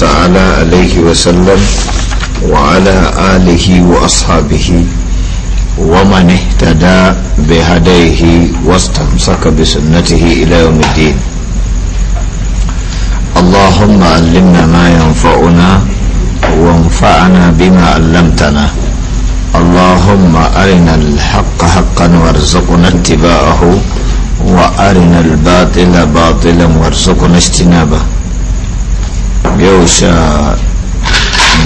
تعالى عليه وسلم وعلى آله وأصحابه ومن اهتدى بهديه واستمسك بسنته إلى يوم الدين اللهم علمنا ما ينفعنا وانفعنا بما علمتنا اللهم أرنا الحق حقا وارزقنا اتباعه وأرنا الباطل باطلا وارزقنا اجتنابه yau sha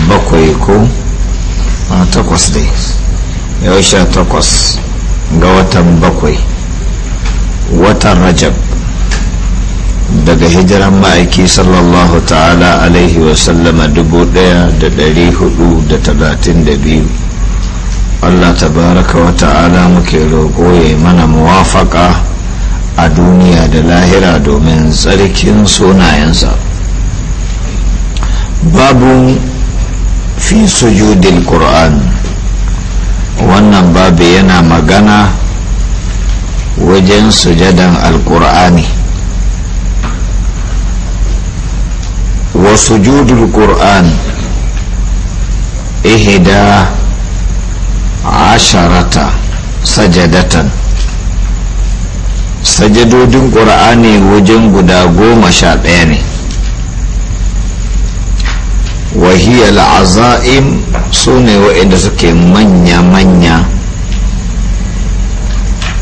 bakwai ko a ah, takwas dai yau sha takwas ga watan bakwai watan rajab daga hijiran ma'aiki sallallahu ta'ala alaihi wasallama dubu daya da dari hudu da talatin da biyu allah tabaraka wa ta'ala muke roƙo ya mana muwafaƙa a duniya da lahira domin tsarkin sunayensa babu fi sujudin ƙur'an wannan babu yana magana wajen sujadan alƙur'ani wa sujudul qur'an ihda asharata sajadatan sajadodin ƙur'ani wajen guda goma sha ɗaya ne la'aza'im su ne wa'inda suke manya manya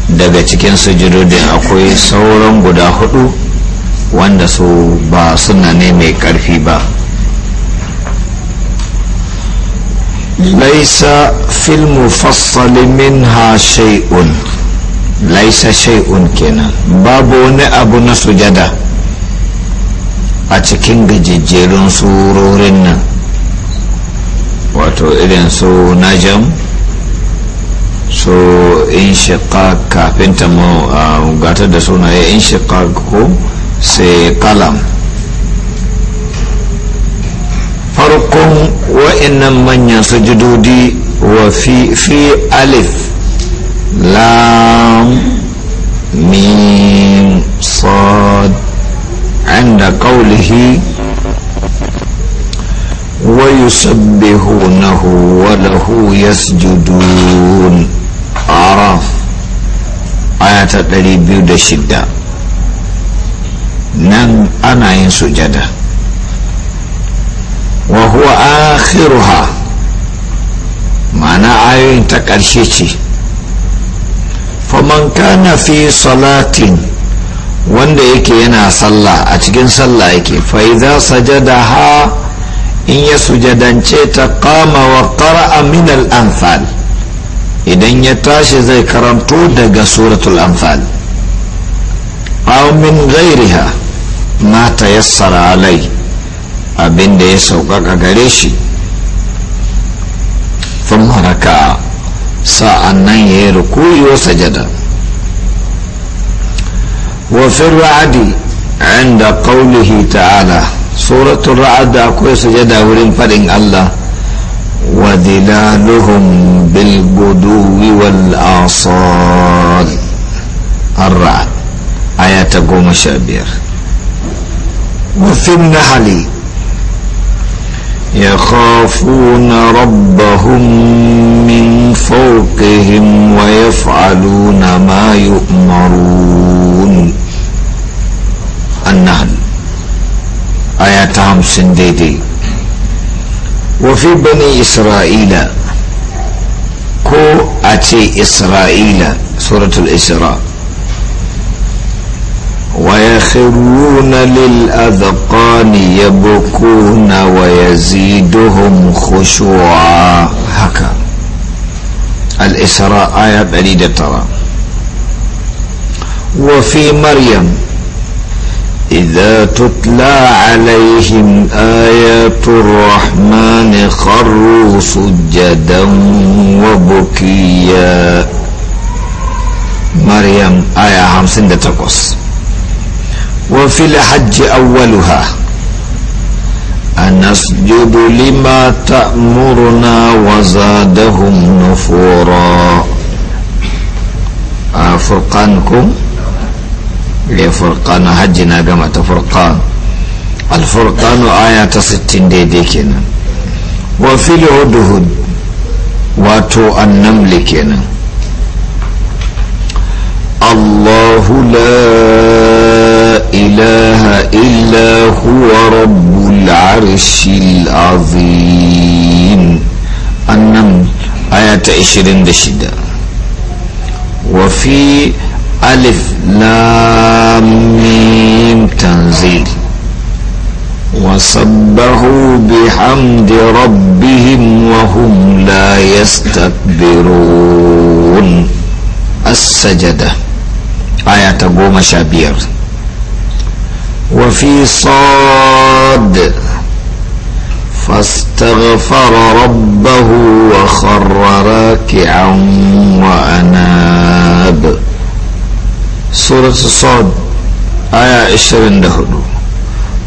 daga cikin sujudodin akwai sauran guda hudu wanda su ba suna ne mai karfi ba laisa fasali min ha shay'un laisa shay'un kenan babu wani abu na sujada a cikin gajejjerun surorin nan wato irin su najam so inshiqaq kafin ta mu gatar da sunaye inshiqaq ko sai kalam farkon wa'annan manyan sujudodi wa fi fi alif lam mim sad عند قوله ويسبحونه وله يسجدون عرف آية بيود 206 نن أنا ينسو جدا وهو آخرها معنى آية تكرشيشي فمن كان في صلاة wanda yake yana sallah a cikin sallah yake fa'iza sajada ha in ya sujadance ta kama wa qara'a anfal idan ya tashi zai karanto daga suratul anfal aw min ghairiha ma tayassara alai abinda ya sauƙaƙa gare shi thumma raka'a sa'annan yayi ruku'i wa sajada وفي الرعد عند قوله تعالى سورة الرعد أكو سجد أولين فرن الله وذلالهم بالقدو والآصال الرعد آيات قوم شابير وفي النحل يخافون ربهم من فوقهم ويفعلون ما يؤمرون النهل آيات همسن ديدي وفي بني إسرائيل كو أتي إسرائيل سورة الإسراء ويخرون للأذقان يبكون ويزيدهم خشوعا هكا الإسراء آية بريدة ترى وفي مريم إذا تتلى عليهم آيات الرحمن خروا سجدا وبكيا مريم آية 58 وفي الحج أولها أنسجد لما تأمرنا وزادهم نفورا فرقانكم لفرقان حجنا كما تفرقان الفرقان آية ستين دي دي كنا وفي الهدهد واتو النمل كنا الله لا إله إلا هو رب العرش العظيم أنم آية 26 وفي ألف لام ميم تنزيل وسبحوا بحمد ربهم وهم لا يستكبرون السجدة آية قوم شابير وفي صاد فاستغفر ربه وخر راكعا وأناب سورة الصاد آية دهدو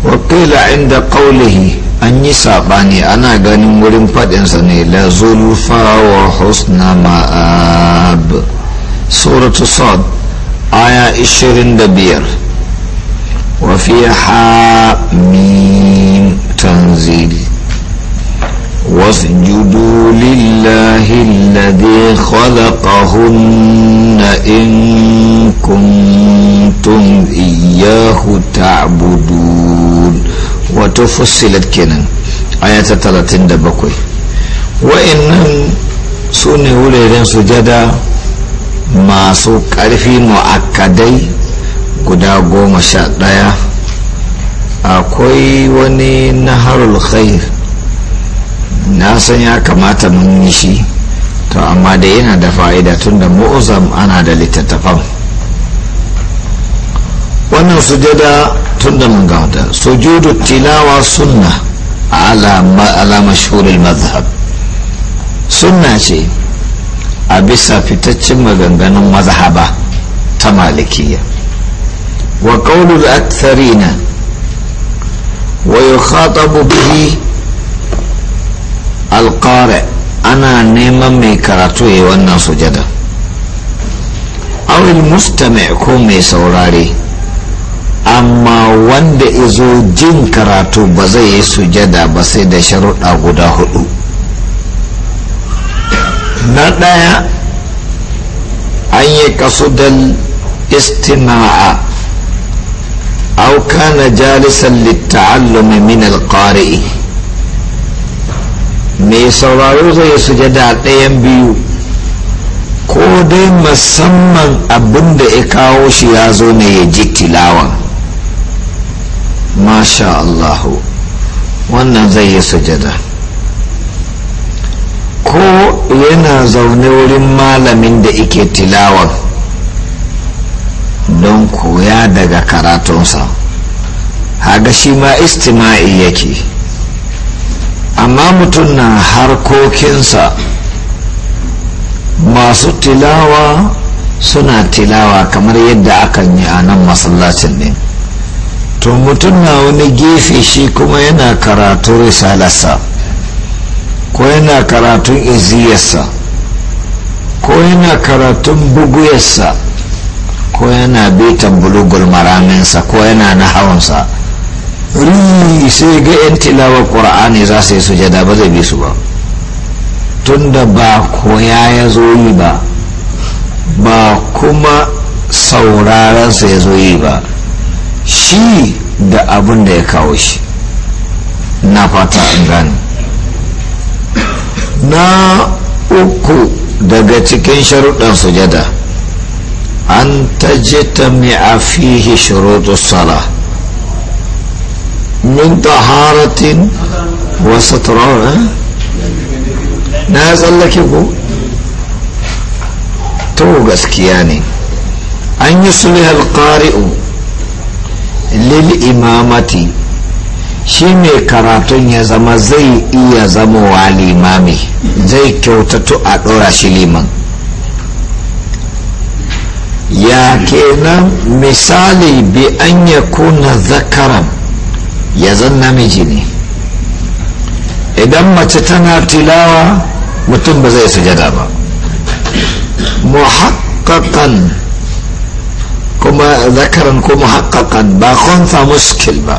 وقيل عند قوله أن يسابني أنا غني ولم فات إنساني لا زلفى وحسن مآب سورة الصاد آية 25 وفي ميم تنزيل واسجدوا لله الذي خلقهن إن كنتم إياه تعبدون وتفصلت كنا آية 37 وإن سنة ولدن سجدا ما masu ƙarfi mu'akkadai guda goma sha ɗaya akwai wani na harul khair na san ya kamata mun yi shi to amma da yana da fa'ida tun da mu'uzam ana da littattafan wannan sujada tun da mun gauta sujudu tilawa sunna ala mashhuril mazhab sunna ce a bisa fitaccen maganganun mazhaba ta malikiya وقول الأكثرين ويخاطب به القارئ أنا نيما مي كراتوي وانا سجدا أو المستمع mai سوراري amma wanda izo jin karatu ba zai yi sujada ba sai da sharuɗa guda hudu na ɗaya an yi kasudal istima'a. أو كان جالسا للتعلم من القارئ mai sauraro zai sujada ɗayan biyu ko dai musamman abin da ya kawo shi ya zo ne ya ji tilawan masha Allahu wannan zai yi sujada ko yana zaune wurin malamin da ike tilawan don koya daga karatunsa haga shi ma istima'i yake amma mutum na harkokinsa masu tilawa suna tilawa kamar yadda akan yi a nan masallacin ne to mutum na wani gefe shi kuma yana karatu risalarsa ko yana karatun iziyarsa ko yana karatun buguyarsa ko yana bitan bulugul maraminsa ko yana na hawansa ri sai ga 'yan tilawar ƙura'ani za su yi sujada ba zai bi su ba tunda ba koya ya zo yi ba ba kuma saurarensa ya zo yi ba shi da abin da ya kawo shi na fata an gani na uku daga cikin sharuɗan sujada أن تجتمع فيه شروط الصلاة من طهارة وسطر نازل لك يقول توقسك يعني أن يصلح القارئ للإمامة شيمي karatun يا zama زي iya zama wa مامي زي kyautato a dora ya kenan misali bi an ya kuna zakaran ya zan namiji ne idan mace tana tilawa mutum ba zai sujada ba muhaqqaqan kuma zakaran ko muhaqqaqan ba kwanfa muskil ba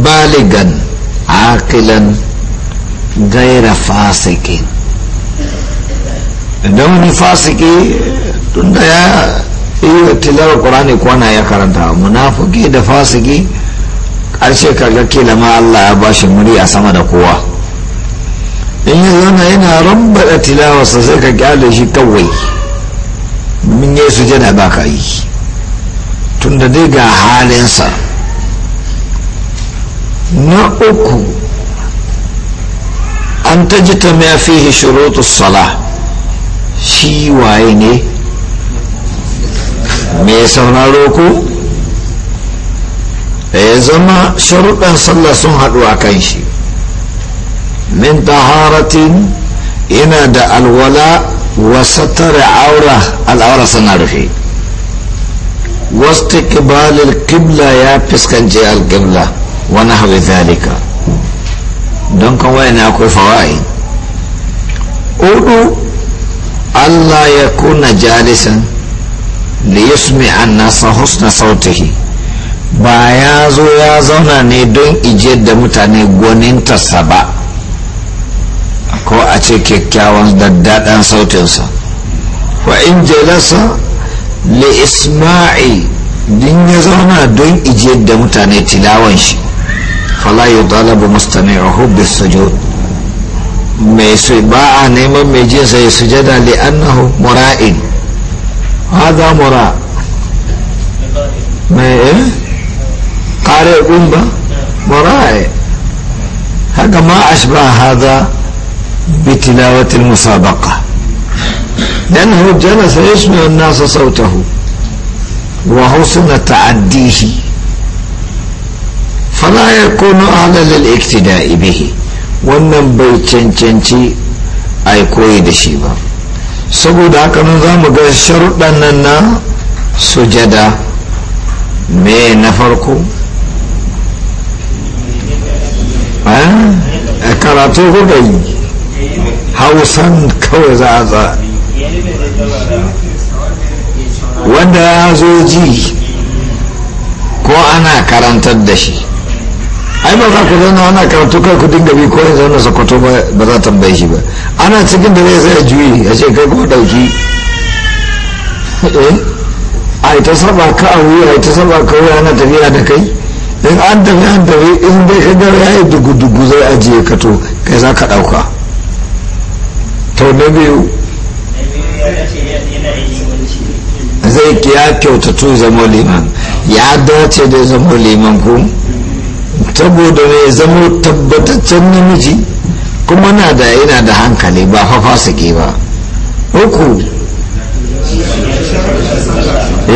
baligan akilan gaira fasikin idan wani fasiki da ya yi tilar qur'ani kwana ya karanta munafuki da fasiki ƙarshe kaga kila ma Allah ya bashi a sama da kowa in ya zana yana rambada tilawarsa sai ka kyale shi kawai min yi sujada ba ka yi tun da dai ga halinsa na uku an ta ji ta mafi shurutu salah shi waye ne mai sauraro ku da ya zama sharuɗan sallah sun haɗu a kan shi min taharatin yana da alwala wasa tare aura al'aura suna rufe wasu kibalin kibla ya fuskanci alkibla wani hawi zalika don kan wayan akwai fawa'i udu Allah ya kuna jalisan da ya sumi annasa husna sautihi ba ya zo ya zauna ne don ije da mutane gwanintarsa ba ko a ce kyakkyawan daddaɗan sautinsa wa in jalasa li isma'i din ya zauna don ije da mutane tilawan shi fala yi dalabu mustami'ahu bis sujud mai su ba a neman mai jin sai sujada li annahu mura'in hadha mura mai eh qari umba mura'i haka ma ashba hadha بتلاوة المسابقة لأنه جلس يسمع الناس صوته وحسن تعديه فلا يكون أهلا للاقتداء به wannan bai cancanci a yi koyi da shi ba saboda haka nan za mu ga sharuɗan nan na sujada me na farko a eh? eh, karatu kuka yi hausan kawai za a za wanda ya zo ji ko ana karantar da shi ai ba za ka zauna ana karatu kai ku dinga bi ko ya zauna sokoto ba za tambaye shi ba ana cikin da zai zai juyi a ce kai kuma dauki eh? a ita saba ka a wuya ita saba ka wuya ana tafiya da kai in an tafi an tafi in dai ka gara ya yi dugu-dugu zai ajiye ka to kai za ka dauka to na biyu zai ya kyautatu zama liman ya dace da zama liman kuma saboda mai zama tabbataccen namiji kuma na da yana da hankali ba fa fasike ba uku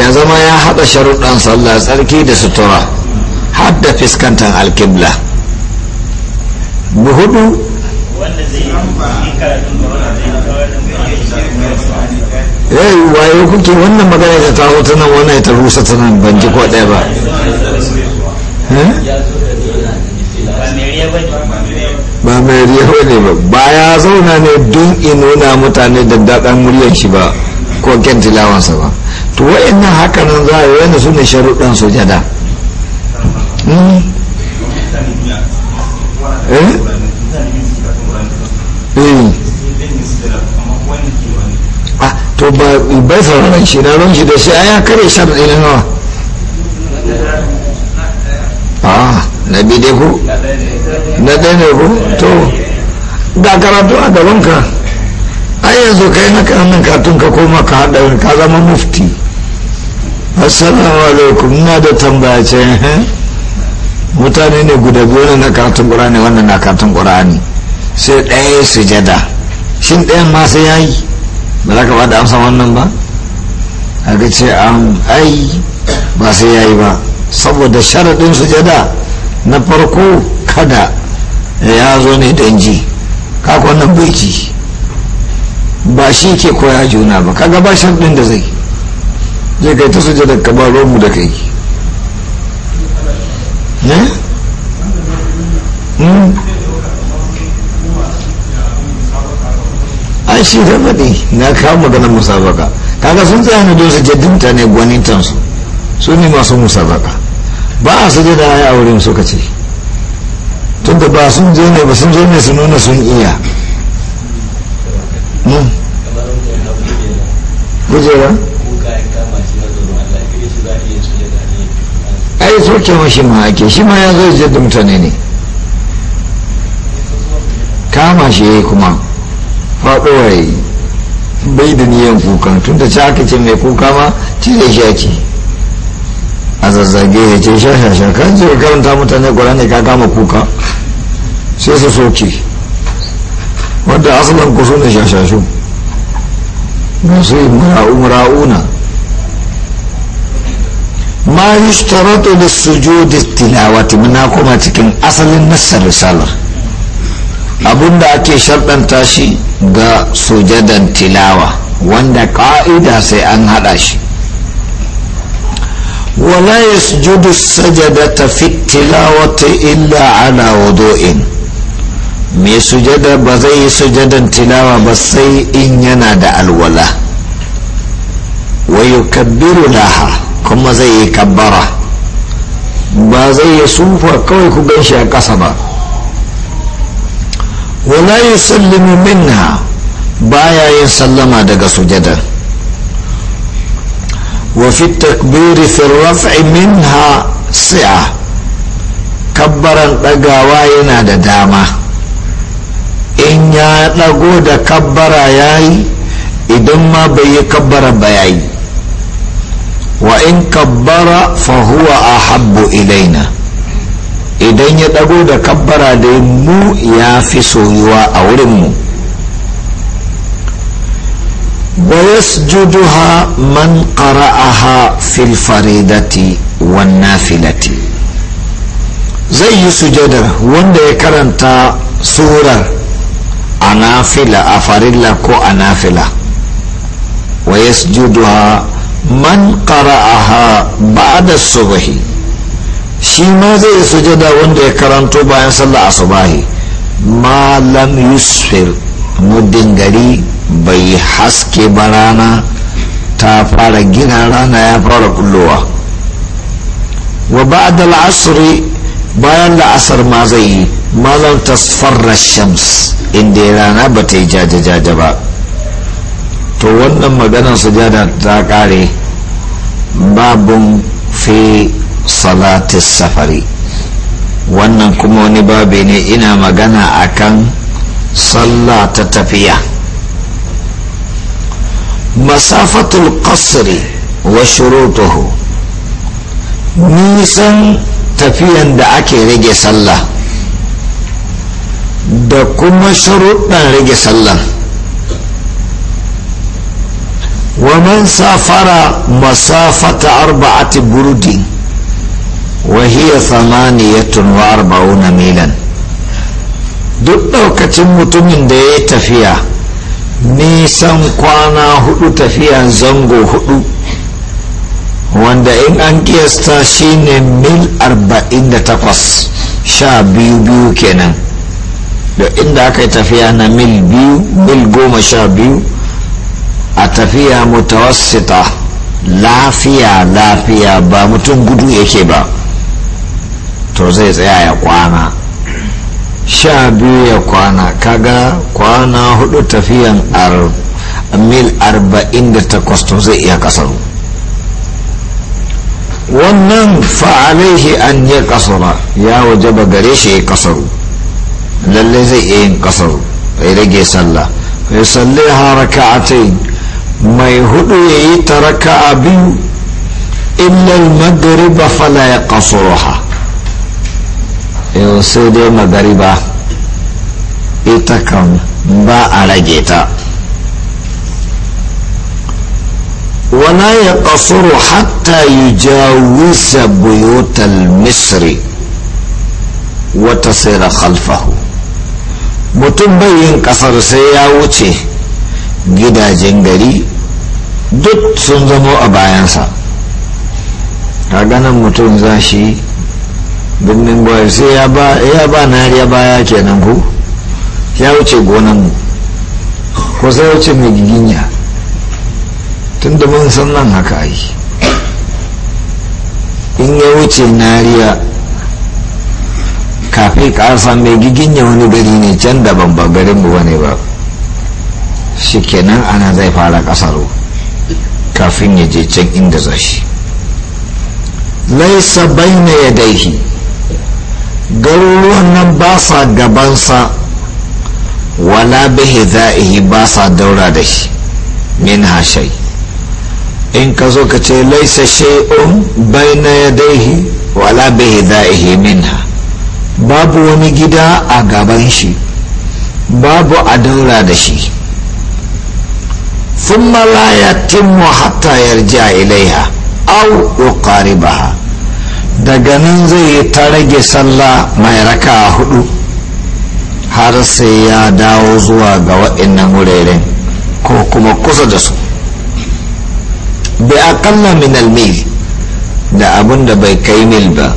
ya zama ya haɗa sharuɗan sallah tsarki da sutura har da fiskantar alkibla hudu yayi eh, waye kuke wannan magana ta taho ta nan wannan ta rusa ta nan ban ji ko ɗaya ba eh? ba mai riho ne ba ba ya zauna ne don inuna mutane da daɗan muryar shi ba ko kyan tilawansa ba to haka nan za a yi wani su ne sharuɗan sujada hmm? Eh? Hmm. Ah, to ba bai sauraron shi na ruwan shi da shi a ya kare sharuɗi na nawa na bide ku na ɗaya ne ku to ga karatu a ka ai yanzu kai na nan katun ka koma ka hada ka zama mufti assalamu alaikum na da tambaya ce eh? mutane ne guda biyu na karatun ƙurani wannan na karatun ƙurani sai ɗaya sujada shin ɗayan ma sai ya yi ba za ka ba da amsa wannan ba a ga ce ai ba sai ya yi ba saboda sharaɗin sujada na farko kada ya zo ne don ji kaga bai ji ba shi ke koya juna ba kaga ba shan ɗin da zai zai kai ta suje da ba mu da kai ne? Hmm? an shi ta faɗi na kawo maganar musabaka kaga sun tsaya na dosa jaddinta ne gwanintansu su ne masu musabaka ba a sujada ya yi a wurin suka ce tunda ba sun je ne ba sun je ne su nuna sun iya hmm. gujera ai soke ma shi ma ake shi ma ya zai jadda mutane ne kama shi ya yi kuma faɗowa ya yi bai da niyan kuka tun da ci aka ce mai kuka ma cire shi ake zazzage ya ce shashasha kan ce karanta mutane ne ka kama kuka sai su soke wadda asalin ku su ne shashashu masu yi mura'una ma yi shtaratu da da tilawati muna kuma cikin asalin nassar risalar abinda ake sharɗanta shi ga sujadan tilawa wanda ƙa'ida sai an haɗa shi ولا يسجد السجدة في التلاوة إلا على وضوء mai sujada ba zai yi sujadan tilawa ba sai in yana da alwala wa yukabbiru laha kuma zai yi kabbara ba zai yi sunfa kawai ku ganshi a ƙasa ba wala yusallimu minha baya yin sallama daga sujadan وفي التكبير في الرفع منها سعة كبرا دقاوا ينادى داما إن يا نقود كبرا ياي إذن ما بي كبرا بياي وإن كبر فهو أحب إلينا إذن يدقود كبرا دي مو يا في أولمو ويسجدها من قرأها في الفريدة والنافلة زي سجدر وند يكرنت سورة أنافلة أفريلا كو أنافلة ويسجدها من قرأها بعد الصبح shi ma zai sujada wanda ya karanto bayan sallah asubahi ma lam yusfir muddin gari bai haske ba rana ta fara gina rana ya fara kullowa wa ba a al'asri bayan da asar ma zai yi mazan tasfarra shams inda rana ba ta yi jajajaja ba to wannan maganar sujada ta kare babun fi salatis safari wannan kuma wani babi ne ina magana akan sallah ta tafiya qasri wa shurutuhu nisan tafiyan da ake rage sallah da kuma sharuɗan rage sallah man safara masafata arba'ati burudi wa hiya samaniyatun wa arba'una milan duk ɗaukacin mutumin da ya tafiya nisan kwana hudu tafiya zango hudu wanda in an kiyasta shine mil 48 sha biyu biyu kenan da inda aka yi tafiya na mil biyu mil goma sha biyu a tafiya mutawassita lafiya lafiya ba mutum gudu yake ba to zai tsaya ya kwana sha biyu ya kwana kaga kwana hudu tafiyan mil arba'in da takwas to zai iya kasaru wannan fa'alaihi an yi kasara ya waje ba gare shi ya kasaru lallai zai iya yin kasaru ya rage sallah ya salli haraka a mai hudu ya yi taraka a biyu illal magariba fala ya kasuru ha yau sai dai magariba ita kan ba a rage ta wana ya ƙasuru hatta yi jawisa buyotar misri wata sai da khalfahu mutum bai yin kasar sai ya wuce gidajen gari duk sun zamo a bayansa ta ganin mutum za shi birnin gwari sai ya ba na ya baya kenan ku ya wuce mu ko sai wuce mai giginya tun da mun san nan haka yi in ya wuce nariya kafin karsa mai giginya wani gari ne can daban ba garin mu bane ba shi kenan ana zai fara kasaro kafin ya je can inda zashi laisa bayna yadaihi garuruwan nan ba sa gabansa wala bihi za'ihi ba sa daura da shi min hashai in ka zo ka ce laisa shay'un baina yadaihi wala bihi za'ihi minha babu wani gida a gaban shi babu a daura da shi thumma la timo hatta yarja ilaiha aw uqaribaha daga nan zai yi ta rage sallah mai raka hudu har sai ya dawo zuwa ga waɗannan wuraren ko kuma kusa da su bi aƙalla min almil da abin da bai kai mil ba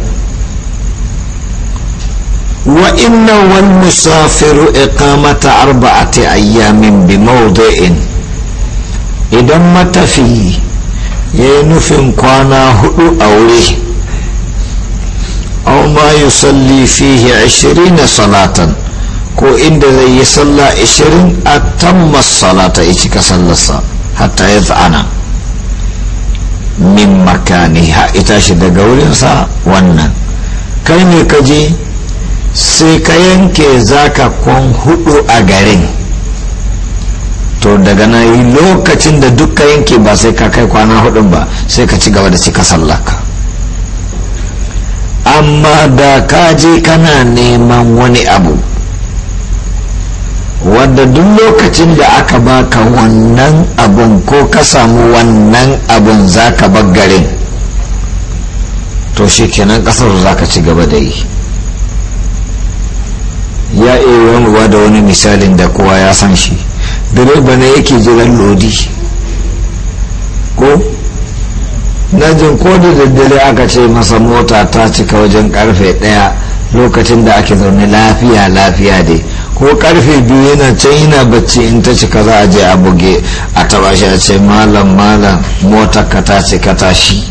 wa inna wal musafiru iqamata arba'ati ayyamin bi mawdi'in idan matafi ya nufin kwana hudu a wuri aw ma yusalli fihi na salatan ko inda zai yi sallah 20 atamma salata ya cika sallarsa hatta ya tsana min makani ha ita daga wurinsa wannan kai ne ka je sai ka yanke zaka kwan hudu a garin to daga na yi lokacin da duk ka yanke ba sai ka kai kwana hudun ba sai ka ci gaba da cika sallaka amma da ka je kana neman wani abu wadda duk lokacin da aka baka wannan abun ko ka samu wannan abun za ka garin to shi kenan kasar za ka ci gaba da yi ya iya ruwa da wani misalin da kowa ya san shi direba ne yake jiran lodi ko na jin ko da daddare aka ce masa mota ta cika wajen karfe daya lokacin da ake zaune lafiya lafiya dai ko karfe biyu yana can yana bacci in ta cika za a je a buge a taba shi a ce malam malam motar ka ta cika ta shi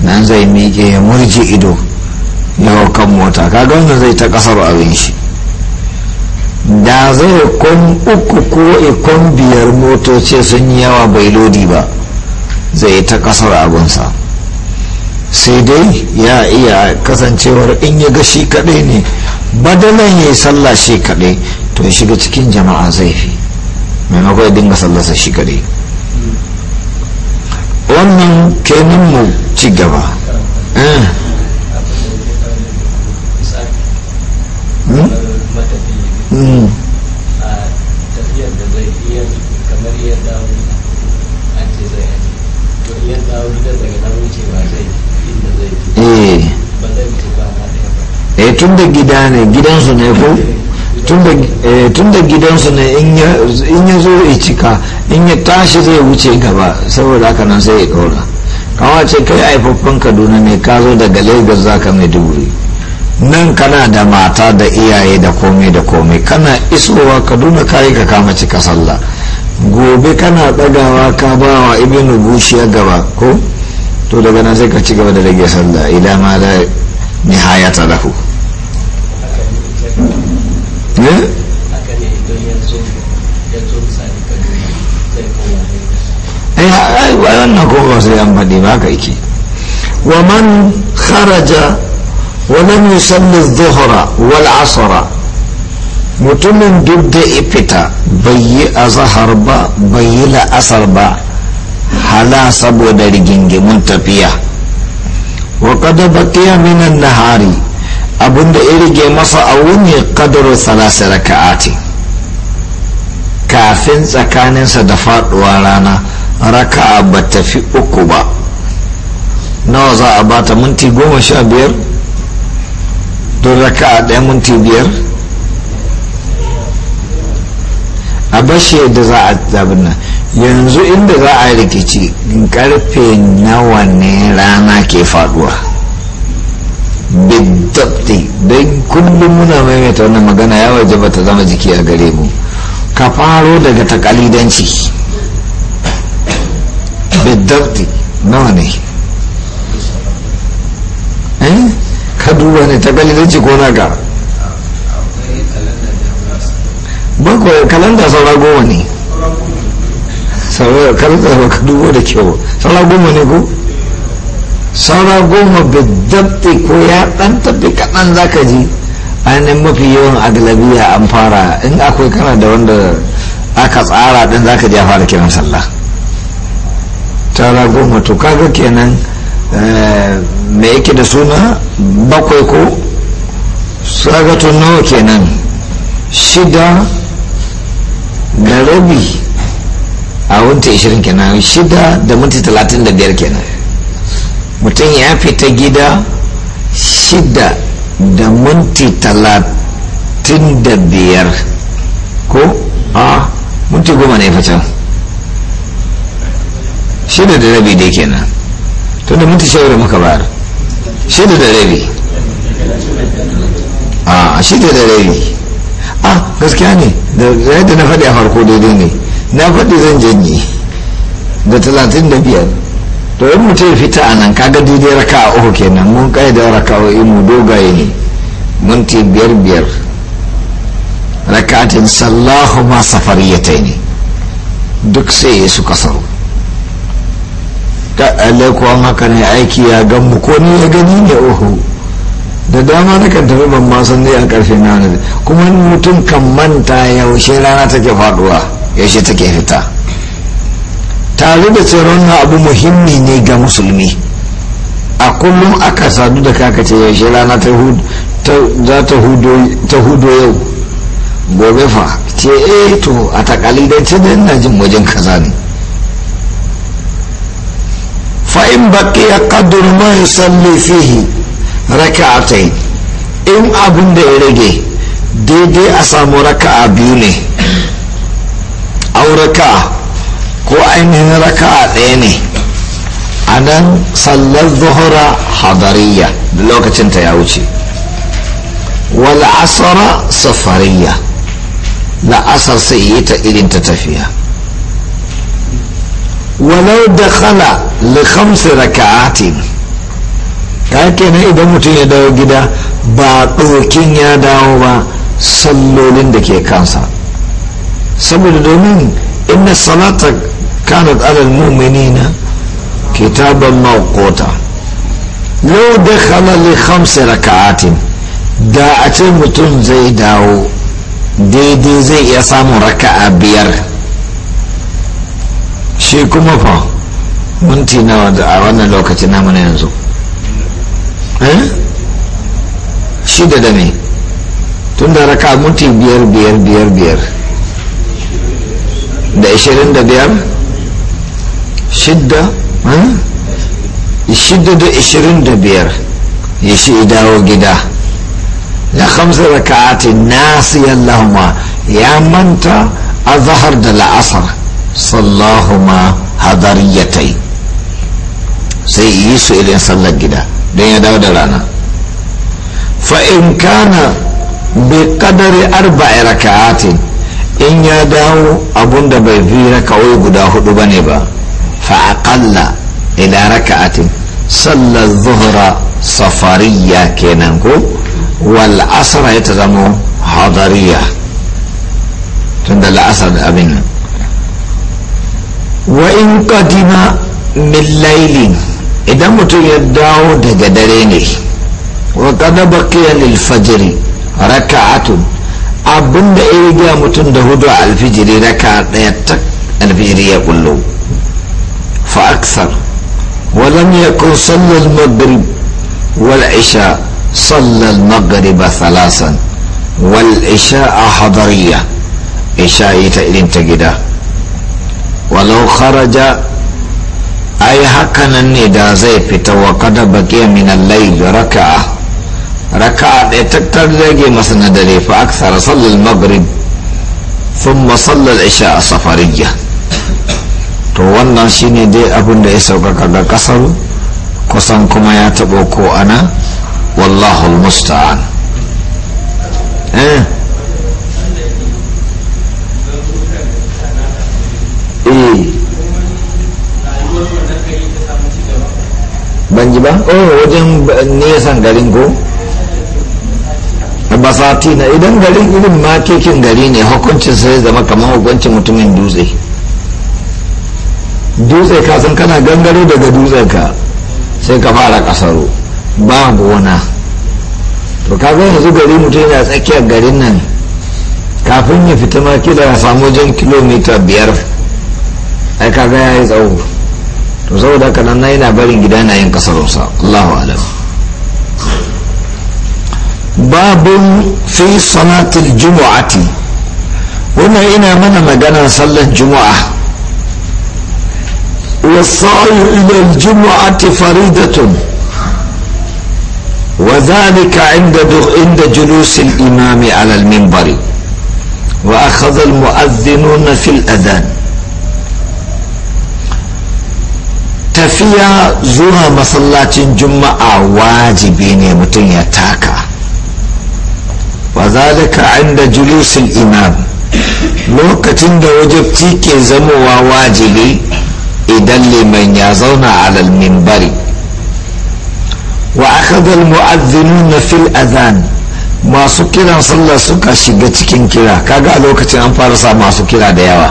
nan zai miƙe ya murji ido ya hau kan mota kaga wannan zai ta kasar abin shi da zai kwan uku ko ikon biyar motoci sun yi yawa bai lodi ba zai ta kasar abunsa sai dai ya iya kasancewar in ya ga shi kaɗai ne badalan ya yi sallah shi kaɗai to ya shiga cikin jama'a zai fi maimakon ya dinga sallarsa shi kaɗai wannan kenan mu ci gaba eh. hmm? Hmm. tunda eh, tun gida ne gidansu ne ko tun eh, gidansu ne in ya zo ya cika in ya tashi zai wuce gaba saboda haka nan sai ya ɗora kawai ce kai haifaffen kaduna ne ka zo daga lagos za ka mai duburi nan kana da mata da iyaye da komai da komai kana isowa kaduna kayi ka kama cika sallah gobe kana ɗagawa ka ba wa bushiya gaba ko to daga nan sai ka ci gaba da rage sallah idan ma da nihayata lahu eh, eh wannan ko sai an faɗi ba ka yake wa man kharaja wa lam yusalli dhuhra wal asra mutumin duk da ifita bai yi azahar ba bai yi la'asar ba hala saboda rigingimun tafiya wa qad baqiya minan nahari abinda ya rige masa a wuni kadaru salasa raka'ati kafin tsakaninsa da faduwa rana raka'a ba ta fi uku ba nawa za a bata minti goma sha biyar don raka'a ɗaya minti biyar a bashe da za a zabin nan yanzu inda za a rikici karfe nawa ne rana ke faduwa bidabti don kullum muna maimaita wannan magana ya waje ba ta zama jiki a gare mu ka faro daga takalidanci bidabti nawa ne eh? ka duba ne takalidanci ko naka bakwai kalanda saura goma ne saura kalanda saura ka duba da kyau saura goma ne ko saura goma bidabti ko ya dan tafi kaɗan za ka ji ainihin mafi yawan aglabiya an fara in akwai kana da wanda aka tsara din za ka ji a fara kiran sallah tara goma to kaga kenan eh, me yake da suna bakwai ko sagatun nawa kenan shida da rabi a wunta 20 kenan shida da minti 35 kenan mutum ya fita gida shida da minti talatin da biyar ko a minti goma ne fata shida da rabi dai kenan tunda minti shawar muka bayar shida da rabi a shida da rabi a gaskiya ne da yadda na faɗi a farko daidai ne na faɗi zan janye da talatin da biyar to in mutum fita a nan kaga daidai raka a uku kenan mun kai da raka a uku mu dogaye ne minti biyar biyar rakatin sallahu ma ta ne duk sai ya su kasaru ka kuwa maka ne aiki ya gan mu ko ni ya gani ne uku da dama na kan tafi ban ma san ne a karfe na kuma mutum kan manta yaushe rana take faduwa yaushe take fita tare da tsaron na abu muhimmi ne ga musulmi a kullum aka sadu da kaka ce yaushe rana za ta hudo yau gobe fa ce eh to a takalin dai ce da ina jin wajen kaza ne fa'in baƙi ya ma ya salli fihi raka'atai in abin da ya rage daidai a samu raka'a biyu ne au raka'a ko ainihin raka ɗaya ne a nan sallar zuhura hadariya da lokacinta ya wuce wal asara safariya la'asar sai yi ta irin ta tafiya walau da khala li khamsi raka'atin ka kenan idan mutum ya dawo gida ba ɗokin ya dawo ba sallolin da ke kansa saboda domin inna salata kanat alal mu'minina kitaban ke law dakhala li khamsi raka'atin da a mutum zai dawo zai iya samun raka'a biyar shi kuma shidda shidda da ishirin da biyar ya shi dawo gida da hamsa raka'atin nasiyan lahuma ya manta a zahar da la'asar sallahuma hadariyatai sai yi su irin sallar gida don ya dawo da rana fa'in kana bai kadari arba'i raka'atin in ya dawo da bai fi raka'o'i guda hudu bane ba فأقل إلى ركعة صلى الظهر صفرية كينانكو والعصر يتزمو حضرية تند العصر أبنا وإن قدم من ليل إذا متو يدعو دقدريني وقد بقي للفجر ركعة أبن إيجا riga mutum الفجر ركعة يتك الفجر يقول له فأكثر ولم يكن صلى المغرب والعشاء صلى المغرب ثلاثا والعشاء حضرية عشاء تألين تجدا ولو خرج أي هكذا النداء زي في وقد بقي من الليل ركعة ركعة تكتر مثلا دليل فأكثر صلى المغرب ثم صلى العشاء صفريه to wannan shine dai abin da ya sauƙaƙa ga ƙasar kusan kuma ya taɓo ko ana wallahu musta'an eh? eh ban ji ba oh wajen nesan garin ko basati na idan garin irin ma kekin gari ne hukuncin sai zama kamar hukuncin mutumin dutse dutse ka san kana gangaro daga dutsen ka sai ka fara kasaro ba gona to ka ga yanzu gari mutum yana tsakiyar garin nan kafin ya fita ma kila ya samu jan kilomita biyar ai ga ya yi tsawo to saboda haka nan na yana barin gida na yin kasarunsa allahu alam babun fi sanatul jumu'ati wannan ina mana maganar sallar juma'a والسعي إلى الجمعة فريدة وذلك عند عند جلوس الإمام على المنبر وأخذ المؤذنون في الأذان تفيا زوها مصلاة جمعة واجبين متن يتاكا وذلك عند جلوس الإمام لو كتند وجبتي زموا واجبي idan liman ya zauna alal mimbari wa akhadha almu'adhdhinuna fil adhan masu kiran sallah suka shiga cikin kira kaga a lokacin an fara sa masu kira da yawa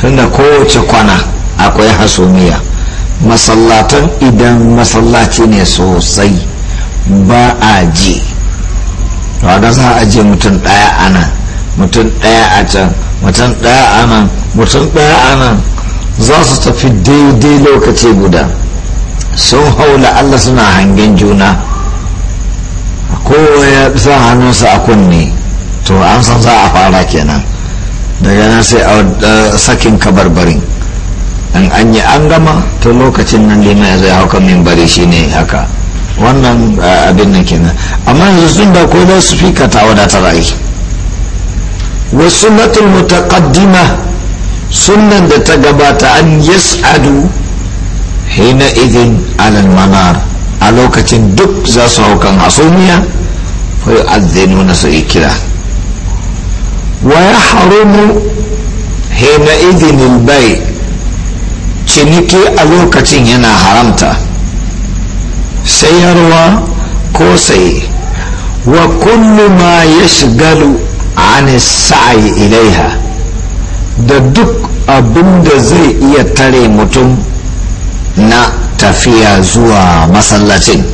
tunda kowace kwana akwai hasumiya masallatan idan masallaci ne sosai ba a ji da za a je mutum daya ana mutum ɗaya a can mutum ɗaya anan. za su tafi daidai lokaci guda sun haula allah suna hangen juna kowa ya sa hannunsa a kunne to an san za a fara kenan daga nan sai a sakin kabarbarin an an yi an gama to lokacin nan lima ya zai hauka mimbari ne haka wannan abin nan kenan amma yanzu sun da ko su fi ka ta wadatar ai wasu matul mutaqaddima sunan da ta gabata an yas'adu hina idin alal manar a lokacin duk za su hau kan hasumiya fa azzinu na su kira wa ya yahrumu hina idin bai ciniki a lokacin yana haramta sayarwa ko saye wa kullu ma yashghalu an sa'i ilaiha da duk abin da zai iya tare mutum na tafiya zuwa masallacin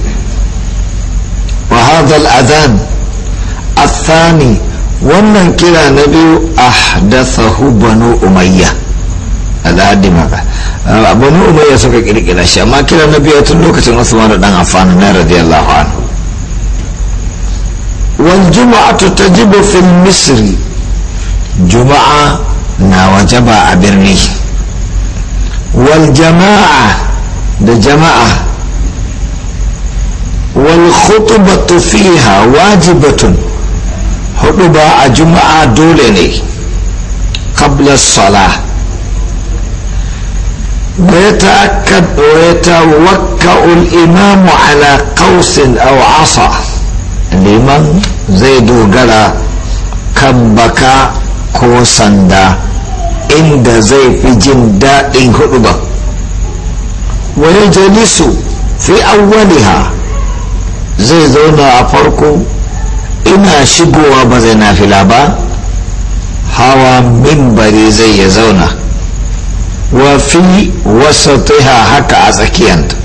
wa azan al athani wannan kira na biyu ahdathahu banu umayya ah, banu umayya suka kirkira shi amma kira na biyu tun lokacin usman da dan affan na radiyallahu anhu wal jum'atu tajibu fil misri juma'a na wajaba a birni wal jama'a da jama'a wal khutbatu fiha wajibatun huduba a juma'a dole ne qabla sala ويتأكد ويتوكأ الإمام على قوس أو عصا liman zai dogara kan baka ko sanda inda zai fi jin daɗin hudu ba wani jalisu fi awwaliha zai zauna a farko ina shigowa ba zai nafila ba hawa mimbari zai ya zauna wa fi wasatiha haka a tsakiyanta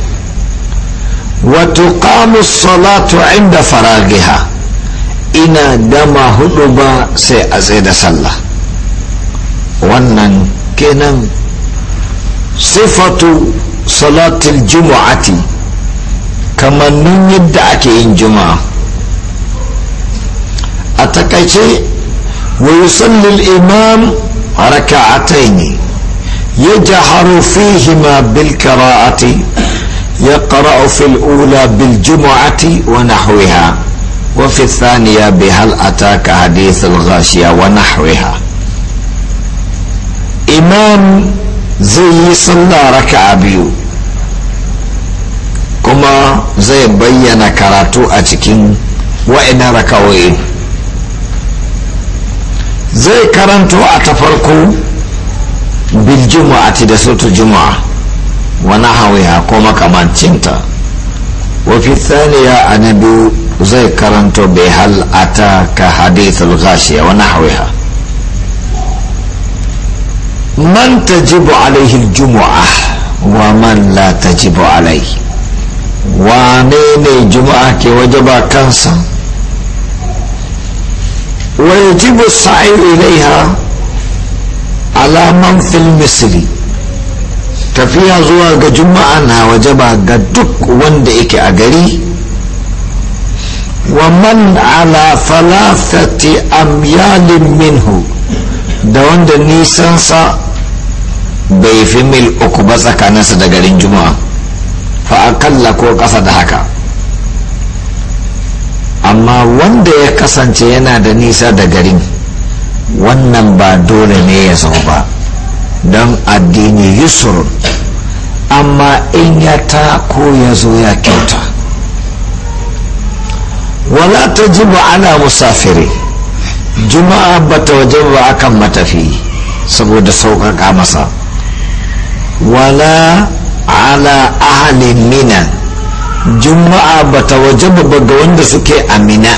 wa tuqamu salatu inda faragiha ina dama hudu ba sai a tsaye da sallah wannan kenan sifatu salatul jumu'ati kamannin yadda ake yin juma'a a takaice wa yusallil imam raka'ataini يجهر فيهما بالقراءة يقرأ في الأولى بالجمعة ونحوها وفي الثانية بهل أتاك حديث الغاشية ونحوها إمام زي صلى ركع بيو كما زي بيّن كراتو أتكين وإن ركوين زي كرنتو أتفرقو بالجمعة da جمعة ونحوها كما كمان تنتا وفي الثانية tsaniya a zai karanto bai hal ata ka hadithul ghashiya wa nahwiha man tajibu alaihi jumu'a wa man la tajibu alaihi wane ne juma'a ke wajaba kansa wa yajibu sa'i ilaiha ala man fil misri tafiya zuwa ga juma'a na wajaba ga duk wanda yake a gari ومن على ثلاثة أميال منه da wanda nisansa bai fi mil uku ba tsakaninsa da garin juma'a fa akalla ko ƙasa da haka amma wanda ya kasance yana da nisa da garin wannan ba dole ne ya zama ba don addini yusur amma in ya ta ko ya zo ya kyauta wala ta jibu ana musafiri juma'a ba ta wajen ba akan matafi saboda sauƙaƙa masa wala ala ahalin mina juma'a ba ta waje ba ga wanda suke a mina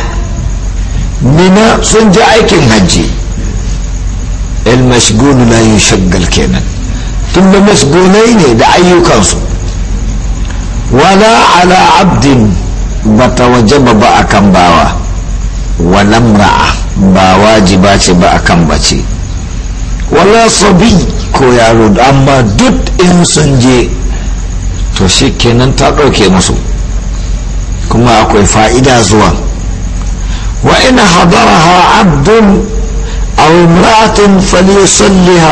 mina sun ji aikin hajji il mashgulu la yushaggal kenan tun da mashgulai ne da ayyukansu wala ala abdin bata wajaba ba akan bawa walam ra'a ba wajiba ce ba akan bace wala sabi ko yaro amma duk in sun je to shi kenan ta dauke musu kuma akwai fa'ida zuwa wa in hadaraha abdun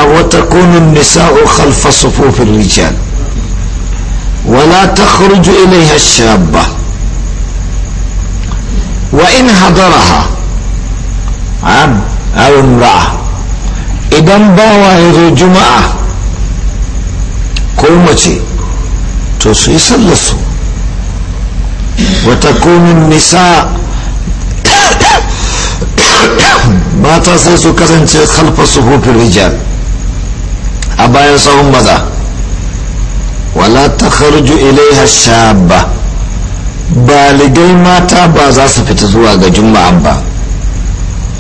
wa takunu an-nisa'u khalfa خلف صفوف الرجال ولا تخرج إليها الشابة وان حضرها اب او امرأة اذا باوى الجمعة كل مجي تسوي سلسو وتكون النساء ما تسيسو كذنتي خلف صفوف الرجال أبا يصوم ماذا ولا تخرج إليها الشابة baligai mata ba za su fita zuwa ga juma'a ba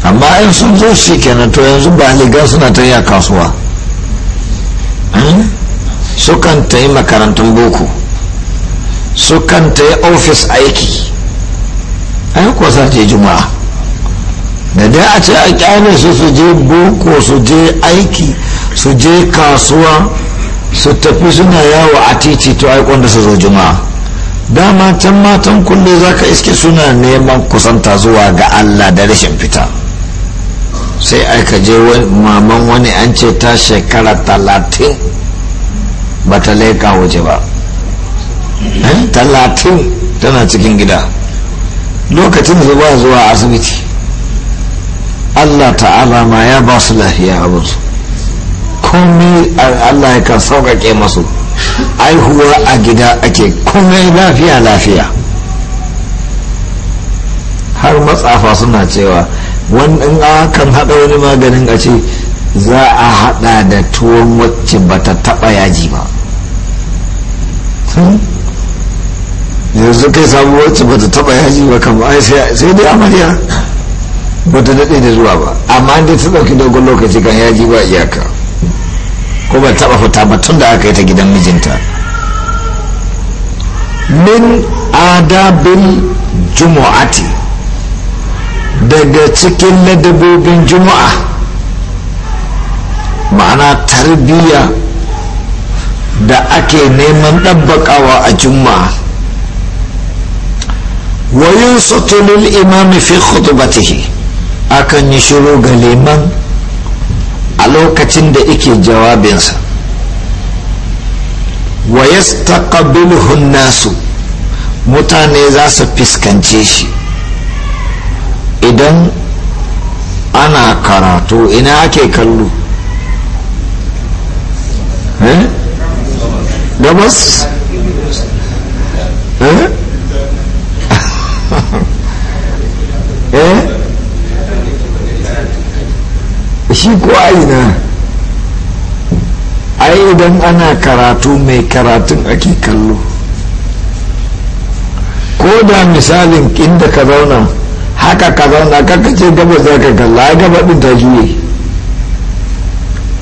amma in sun zo shi kenan to yanzu baligan suna ta yi a kasuwa hmm? sukan ta yi makarantun boko sukan ta yi ofis aiki ai za ta juma'a da dai a ce a kyale su su je boko su je aiki su je kasuwa su tafi suna yawo a titi to ai da su zo juma'a dama can matan kulle za ka iske suna neman kusanta zuwa ga allah da rashin fita sai aika je maman wani an ce ta shekara talatin ba ta leka waje ba eh, talatin tana cikin gida lokacin da ba zuwa asibiti allah ta'ala ma ya ba su lafiya abinsu komai allah ya kan sauƙaƙe masu aihuwa a gida ake komai lafiya lafiya har matsafa suna cewa wannan akan haɗa wani maganin a ce za a haɗa da tuwon wacce ba ta taɓa yaji ba hmm? yanzu kai samu wacce ba ta taɓa yaji ba kama ai sai dai amarya ba ta daɗe da zuwa ba amma dai ta ɗauki dogon lokaci kan yaji ba iyaka ko ba taba fita ba tun da aka yi ta gidan mijinta min adabin jumu'ati daga cikin ladabobin juma'a ma'ana tarbiyya da ake neman ɗabbaƙawa a juma'a wayin sutulul imami fi khutubatihi akan yi shiru ga liman a lokacin da ike jawabinsa wa yastaqbiluhu nasu mutane za su fiskance shi idan ana karatu ina ake kallo eh? gabas eh? shi ko a aina ai idan ana karatu mai karatun ake kallo ko da misalin inda ka zauna haka ka zauna kaka ce gaba za ka kalla gaba ɗin ta juye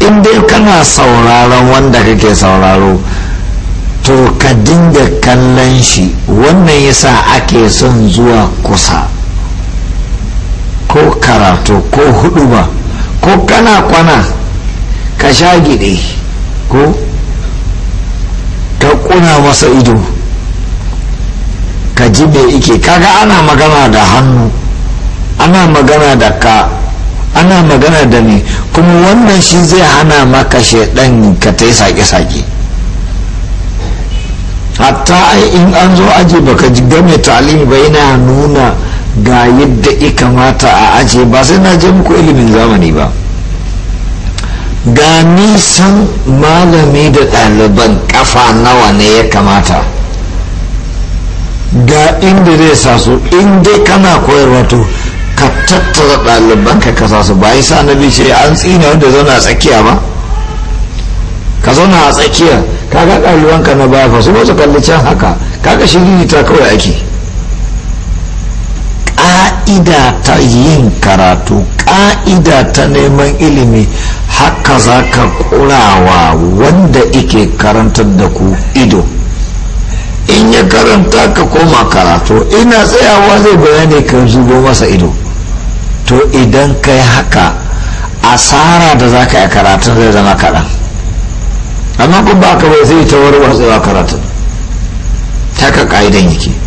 in dai kana sauraron wanda kake sauraro to ka dinga kallon shi wannan yasa ake son zuwa kusa ko karatu ko hudu ba ko kana kwana ka sha gide ko ka kuna masa ido ka ji bai ike kaga ana magana da hannu ana magana da ka ana magana da ni kuma wannan shi zai hana maka shaidan ka ta yi sake-sake hatta in an zo aji baka game ta ba yana nuna ga yadda ya kamata a aje ba sai na je muku ilimin zamani ba ga nisan malami da ɗaliban kafa nawa ne ya kamata ga inda zai sa su in dai kana koyarwa to ka tattara ɗaliban ka kasa su ba sa na ce an tsina wanda zauna a tsakiya ba ka zauna a tsakiya kaga ɗaliban ka na baya fa su ba su kalli can haka kaga shiri ta kawai ake ka'ida ta yin karatu ƙa'ida ta neman ilimi haka za ka kurawa wanda ike karantar da ku ido in ya karanta ka koma karatu ina tsayawa zai bayani ka zubo masa ido to idan ka yi haka asara da za ka yi karatun zai zama kaɗan amma kuma ba ka bai zai ta warwatsewa karatun ta ka ƙa'idan yake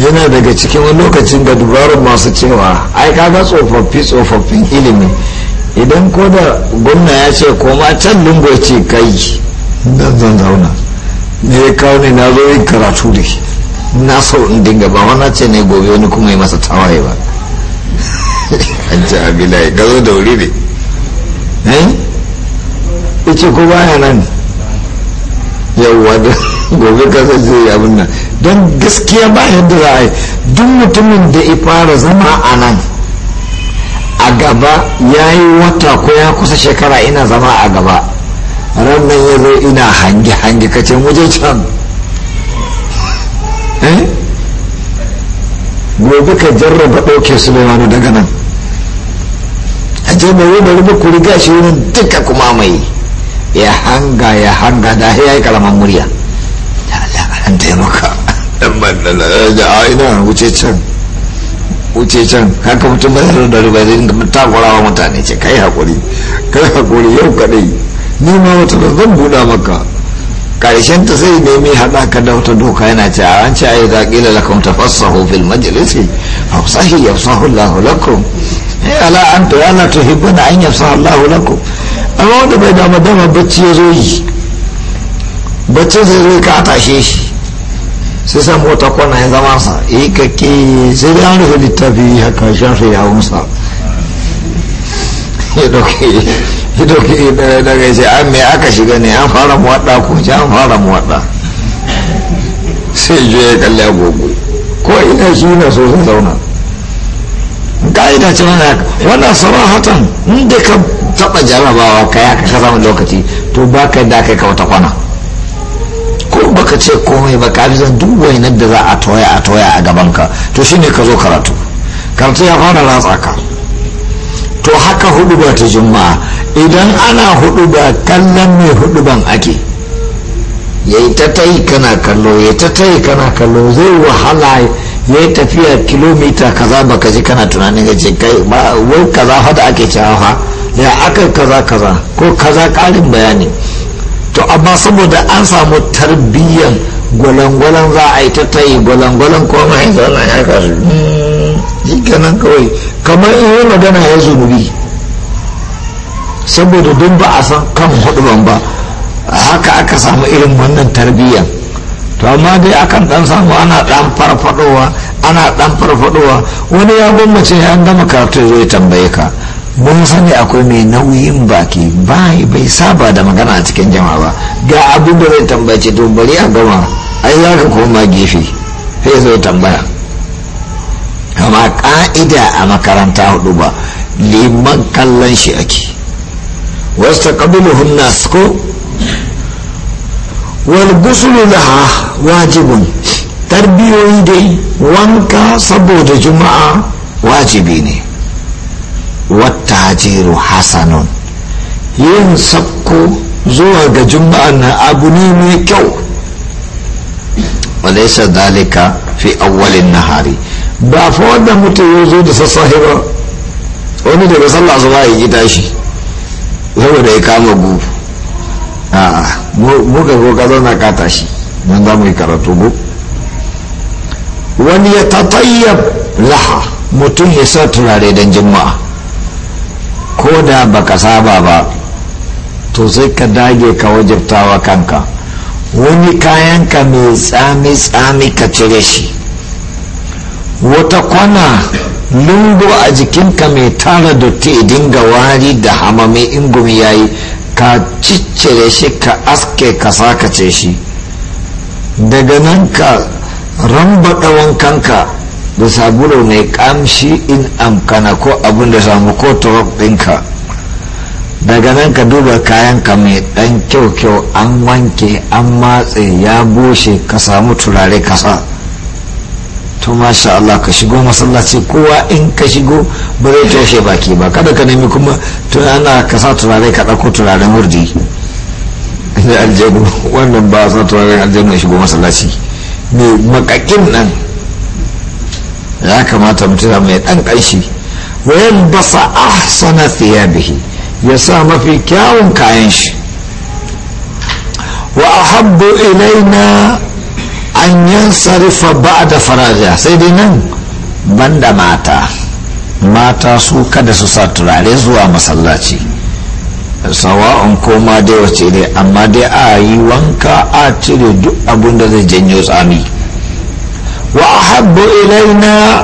yana daga cikin wani lokacin da dubarun masu cewa ai kaga tsofaffi tsofaffin ilimi idan ko da gwamna ya ce koma can lungo ce kai nan zan zauna ne kawo ne na zo yin karatu da na sau in dinga ba wani ce ne gobe wani kuma yi masa tawaye ba an ce abilai zo da wuri ne eh ice ko baya nan yawwa da gobe kasa zai abin nan don gaskiya ba yadda za a yi duk mutumin da ya fara zama a nan a gaba ya yi wata ko ya kusa shekara ina zama a gaba ran ya zo ina hangi hangi kace muje can eh? gobe ka jarraba ɗauke su mai daga nan a jarraba da rubu ku riga shi wurin duka kuma mai ya hanga ya hanga da ya yi karaman murya an taimaka da eh, ina wuce can wuce can haka mutum ba zai da riba zai inda takura wa mutane ce kai hakuri kai hakuri yau kadai ni ma wata da zan buɗa maka karshen ta sai nemi haɗa ka da wata doka yana ce a an ce a yi zaƙila lakum tafassahu fil majalisi hausahi yafsahu Allahu lakum eh ala anta ya la tuhibbuna an yafsahu Allahu lakum amma wanda bai dama dama bacci ya zo yi baccin sai zai ka tashe shi sai sa mota kwana ya zama sa yi eh, kake sai da an rufe littafi haka shafe yawunsa ya dauke ya doke ya daga ya ce an mai aka shiga ne an fara muwaɗa ko ce an fara muwaɗa sai je ya kalli agogo ko ina shi na so sun zauna ka'ida ce mana haka wannan hatan inda ka taɓa jarabawa ka ya ka samu lokaci to ba ka yi da kai yi kawata kwana ka ce komai ba ka zan duk wainar da za a toya a toya a gabanka to shine ka zo karatu karatu ya fara ratsa ka to haka hudu ba ta juma'a idan ana hudu ba kallon mai hudu ban ake ya yi ta ta'i kana kallo ya ta ta'i kana kallo zai wahala ya yi tafiya kilomita kaza ka ji kana tunanin ga kai ba wai kaza hada ake cewa ya aka kaza kaza ko kaza karin bayani to amma saboda an samu tarbiyyan gwalangwalan za a yi ta ta yi gwalangwalan ko ma yanzu wannan ya karu hmm, shi kenan kawai kamar in yi magana ya zunubi saboda don ba a san kan huduban ba haka aka samu irin wannan tarbiyyar to amma dai akan dan samu ana dan farfadowa ana dan farfadowa wani ya gwammace ya gama karatu zai tambaye ka mun sani akwai mai nauyin baki bai bai saba da magana a cikin jama'a ba ga abin da zai tambace to bari a gama ai za ka koma gefe sai zo tambaya amma ka'ida a makaranta hudu ba liman kallon shi ake wasu ta kabilu hunna ko wal gusulu laha wajibun tarbiyoyi dai wanka saboda juma'a wajibi ne wattajiru hasanun yin sakko zuwa ga juma'a na abu ne mai kyau walaisa dalika fi awwalin nahari ba fa wanda mutum ya zo da sassafe ba wani daga sallah zuwa ya tashi saboda ya kama gu a muka ko ka zauna ka tashi don za mu yi karatu gubu wani ya tatayyab laha mutum ya sa turare don juma'a ko da baka saba ba to sai ka dage ka wajabtawa kanka wani kayanka mai tsami-tsami ka cire shi wata kwana lungu a jikinka mai tara dotti dinga wari da hamami in gumi yi ka ciccire shi ka aske ka sakace shi daga nan ka ramba kanka. da sabulu mai kamshi in amkana ko abin da samu ko turok ɗinka daga nan ka duba kayan ka mai ɗan kyau-kyau an wanke an matse ya bushe ka samu turare kasa to masha Allah ka shigo masallaci kowa in ka shigo ba zai toshe baki ba kada ka nemi kuma ana ka sa turare ka ɗauko turare murdi na aljabu wannan ba sa turare aljabu shigo masallaci mai makakin nan ya kamata mutum mai dan kanshi wa basa ahsana thiyabihi ya sa mafi kyawun kayan shi wa ahabbu ilaina an ba da faraja sai dai nan banda mata mata su kada su sa turare zuwa masallaci sawa'un koma dai wace ne amma dai a yi wanka a cire duk abin da zai janyo tsami وأحب إلينا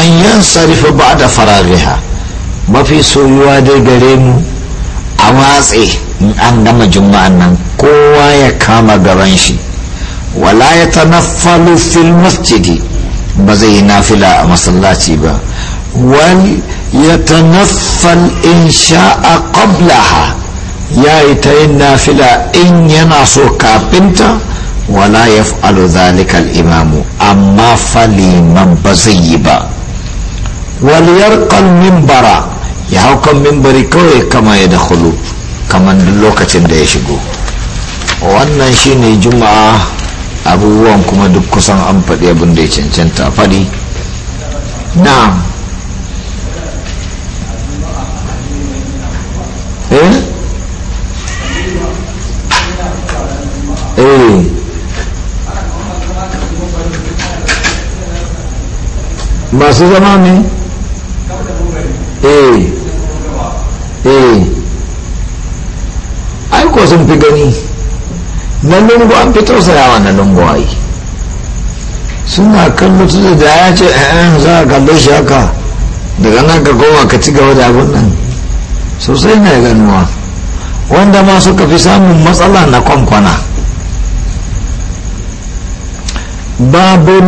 أن ينصرف بعد فراغها ما في سوى دي قريم أواسي أن دم جمعنا قوة يكام قرنشي ولا يتنفل في المسجد بزي نافلة مصلاتي با وليتنفل إن شاء قبلها يا إتين نافلة إن يناسو كابنتا wala ya fa'alu zalika imamu amma faliman ba zai yi ba waliyar kan mimbara ya hau kan mimbari kawai kama ya da hulu kamar lokacin da ya shigo wannan shine juma'a abubuwan kuma duk kusan an faɗi abin da ya cancanta faɗi na eh eh masu zama ne eh eh ko sun fi gani na lungu an fi tausayawa na lungu ai suna kan mutu da ya ce eh za ka kalle shi haka daga nan ka goma ka ci gaba da abun nan sosai na ganuwa wanda ma suka fi samun matsala na kwankwana babu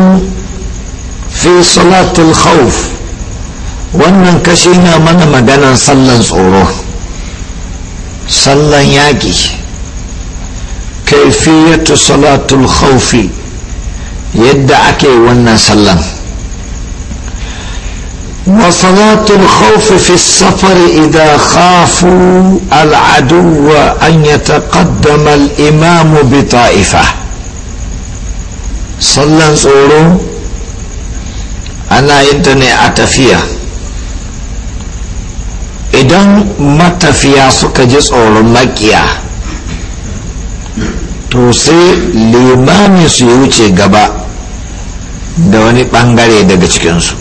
في صلاة الخوف wannan kashe na mana maganan sallan tsoro sallan yaƙi kaifiyatu salatul khawfi yadda ake wannan sallan wa salatul khawfi fi safari idha khafu al'adu wa an yataqaddama al-imamu bi ta'ifa sallan tsoro ana yin ta ne a tafiya idan matafiya suka ji tsoron makiya to sai limamin su yi wuce gaba da wani bangare daga cikinsu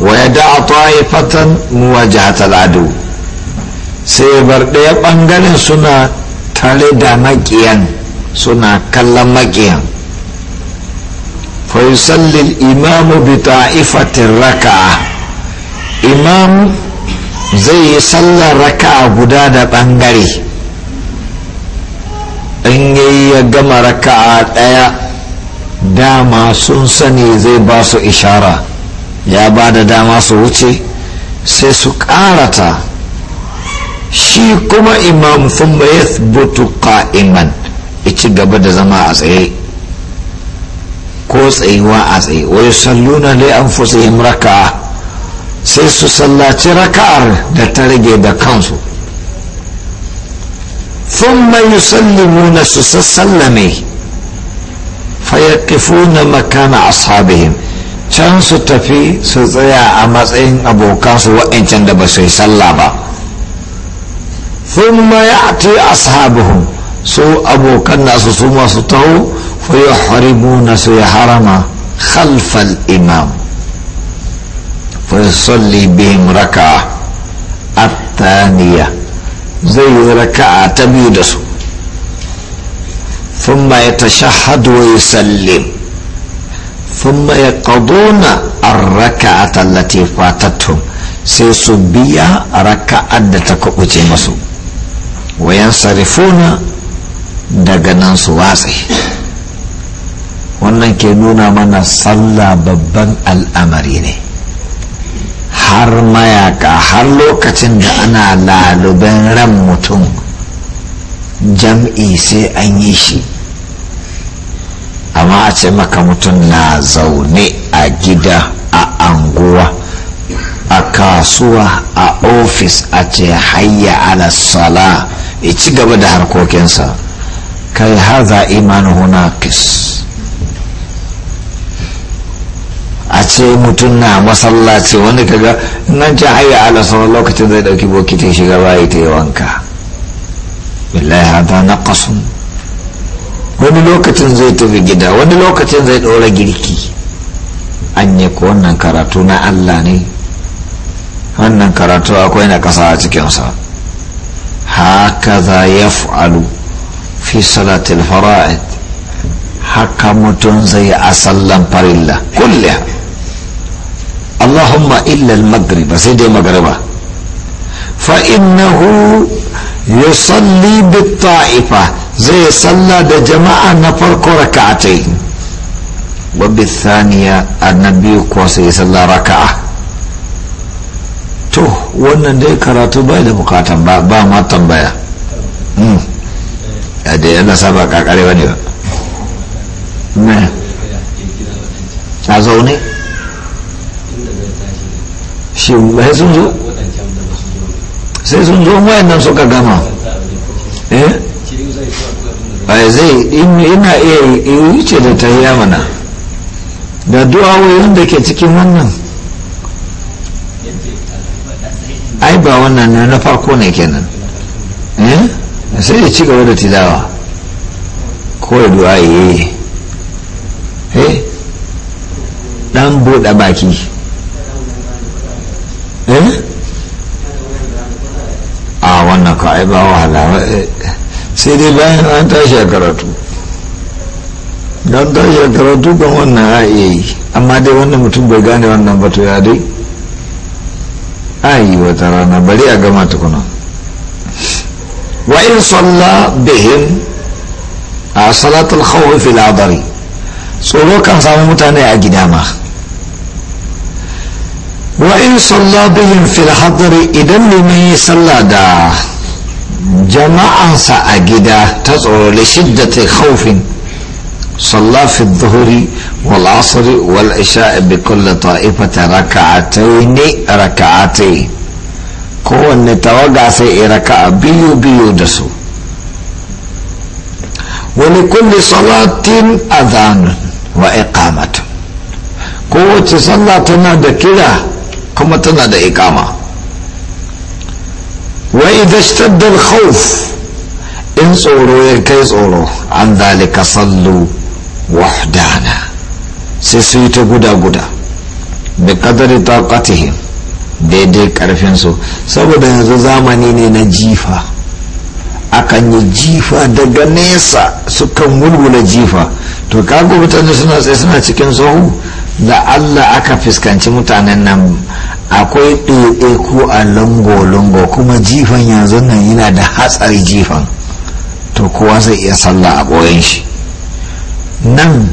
wa ya da'a muwa jihatar adu sai bar ɗaya bangaren suna tare da makiyan suna kallon makiyan فيصلي الإمام بطائفة الركعة إمام زي صلى ركعة بدادة بانغري in ya gama raka'a ɗaya dama sun sani zai ba su ishara ya ba da dama su wuce sai su ƙarata shi kuma imam sun ya butu ka'iman ya ci gaba da zama a tsaye ko tsayuwa a tsaye wai salluna li yin raka sai su sallaci raka'ar da ta rage da kansu thumma na su sassallame na makana ashabihim can su tafi su tsaya a matsayin abokansu wa'ancan da ba su yi sallah ba thumma a ashabuhum su abokan nasu su masu taho فيحرمون سي حرم خلف الإمام فيصلي بهم ركعة الثانية زي ركعة تبيدس ثم يتشهد ويسلم ثم يقضون الركعة التي فاتتهم سيصبيا ركعة تكبت مسو وينصرفون دغنان سواسي wannan ke nuna mana sallah babban al'amari ne har mayaka har lokacin da ana laluben ran mutum jam'i sai an yi shi amma a ce maka mutum na zaune a gida a anguwa a kasuwa a ofis a ce hayya ala sala ya ci gaba da harkokinsa kai haza imanu hunakis a ce mutum na masallaci wani kaga nan ce hayya ala sauran lokacin zai dauki bokitin shiga bayi ta yi wanka billahi hada na kasun wani lokacin zai tafi gida wani lokacin zai dora girki an yi ko wannan karatu na allah ne wannan karatu akwai na kasa a cikinsa haka za ya fa'alu fi salatil fara'id haka mutum zai a sallan farilla kulle allahumma illa al-maghrib sai dai magariba fa innahu yusalli bit-ta'ifa zai salla da jama'a na farko raka'atai wa bithaniya annabi ko sai salla raka'a to wannan dai karatu bai da bukatan ba ba ma tambaya hmm. a da yana saba kakare wani ba a zaune shi bai sun zo sai sun zo wayannan suka gama eh ai zai ina iya yi da ta yi mana da du'awoyin da ke cikin wannan ai ba wannan na na farko ne kenan eh sai ya ci gaba da tilawa ko da du'a eh dan buɗe baki Eh? a wannan ka ai ba wahala eh. sai dai bayan an tashi a karatu don tashi a karatu kan wannan a yi amma dai wannan mutum bai gane wannan ba to ya dai a yi wata rana bari a gama tukuna wa in salla bihim a salatul khawfi fil adari tsoro kan samu mutane a gida ma وإن صلى بهم في الحضر إذا لمن صلى دا جماعة سأجد تزعو لشدة خوف صلى في الظهر والعصر والعشاء بكل طائفة ركعتين ركعتين كو أن توقع سيء ركع بيو بيو دسو ولكل صلاة أذان وإقامة كو تصلى تنادى كده kuma tana da ikama wa idza ishtadda al in tsoro ya kai tsoro an dalika sallu wahdana sai su yi ta guda-guda da kadari taqatihim daidai karfin su saboda yanzu zamani ne na jifa akan yi jifa daga nesa sukan wulwula jifa to kago mutane suna tsaye suna cikin tsohu da allah aka fuskanci mutanen nan akwai ko a lungo-lungo kuma jifan yanzu nan yana da hatsari jifan to kowa zai iya sallah a ɓoyen shi nan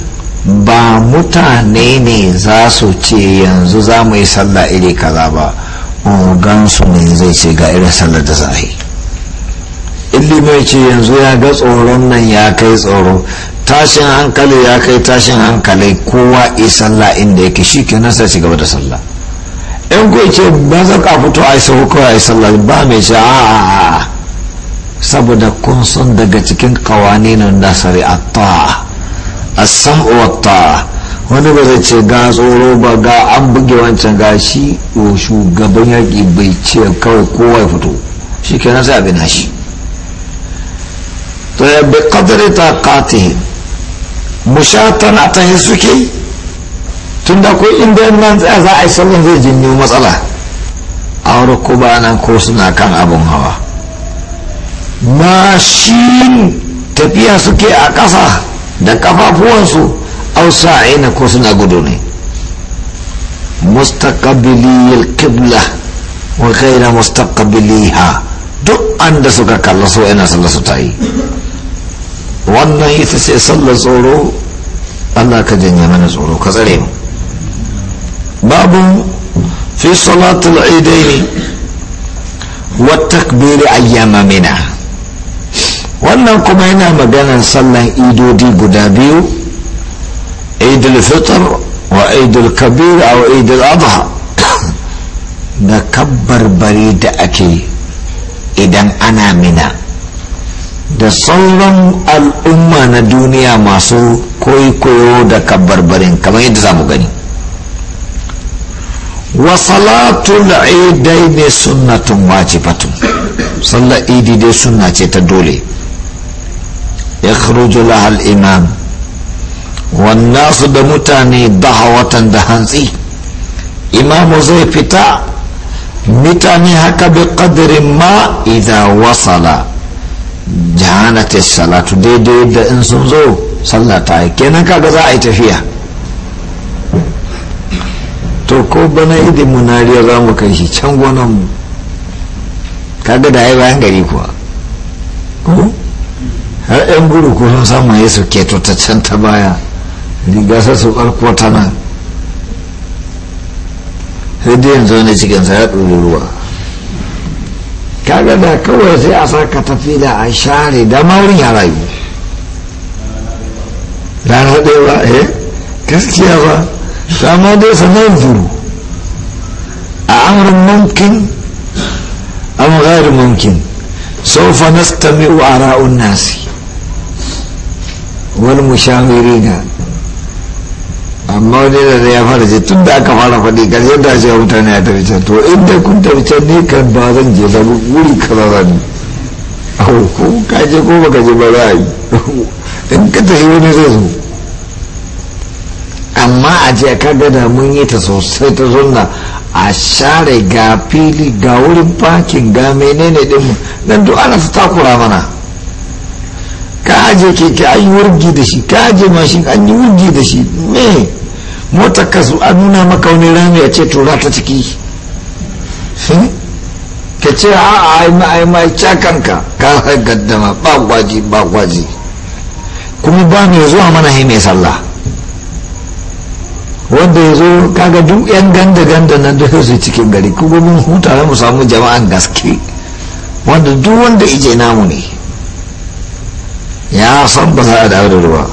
ba mutane ne za su ce yanzu za mu yi sallah iri kaza ba su ne zai ce ga irin sallar da za a yi mai ce yanzu ya ga tsoron nan ya kai tsoro tashin hankali ya kai tashin hankali kowa yi sallah inda yake shi ke nasa ci gaba da sallah in ko ce ba za ka fito a yi sahu kawai a yi sallah ba mai sha saboda kun sun daga cikin kawani nan da a ta a san wata wani ba zai ce ga tsoro ba ga an buge wancan ga shi shugaban yaƙi bai ce kawai kowa ya fito shi kenan sai abin shi to ya bi kadari ta katihin mushatan a tahi suke tun da ko inda nan tsaya za a yi sallan zai janyo matsala a wani ko nan ko suna kan abun hawa mashin tafiya suke a ƙasa da ƙafafuwansu ausa'ina ko suna gudu ne mustaqabiliyal qibla wa ghayra mustaqabiliha duk anda suka kalla so ina sallar su ta yi wannan ita sai sallar tsoro Allah ka janye mana tsoro ka tsare mu باب في صلاة العيدين والتكبير أيام منى wannan kuma yana maganar sallan idodi guda biyu idul fitr wa idul kabir a idul adha da kabbar bari da ake idan ana mina da sauran al'umma na duniya masu koyi koyo da kabbar kamar yadda za mu gani wa salatul idaini sunnatun wajibatun sallar idi dai sunna ce ta dole ya kharuju lahal imam su da mutane dahawatan da hantsi imamu zai fita mutane haka bi qadarin ma idan wasala ta salatu daidai da in sun zo sallata ta kenan kaga za a yi tafiya to ko bana idin mu nariya za mu kai shi can gonan mu kaga da ai bayan gari kuwa har yan guru ko sun samu ya su keto ta can ta baya riga sa su barko ta nan sai dai yanzu wani sa ya ɗori ruwa kaga da kawai sai a saka tafi da a share da maurin ya rayu rana ɗaya ba eh gaskiya ba فما دي سننظر أمر ممكن أم غير ممكن سوف نستمع آراء الناس والمشاورين amma wani da ya fara ce tun da aka fara faɗi kan yadda ce mutane a tarce to inda kun tarce ne kan ba zan je da wuri kaza zan ko ka je ko baka je ba za a in ka tafi wani zai zo amma a jiya ka gada mun yi ta sosai ta zonna a share ga fili ga wurin fakin ga menene din mu nan duk ana ta takura mana ka aje ke an yi wurgi da shi ka aje mashin an yi wurgi da shi me mota ka an nuna maka wani rami a ce tura ta ciki hmm? ka ce a a ai ma cakanka ka gaddama ba gwaji ba gwaji kuma ba mai zuwa mana hai mai sallah wanda ya zo kaga duk yan ganda ganda nan duka su cikin gari kuma mun huta mu samu jama'an gaske wanda duk wanda ije namu ne ya san ba za a dawo da ruwa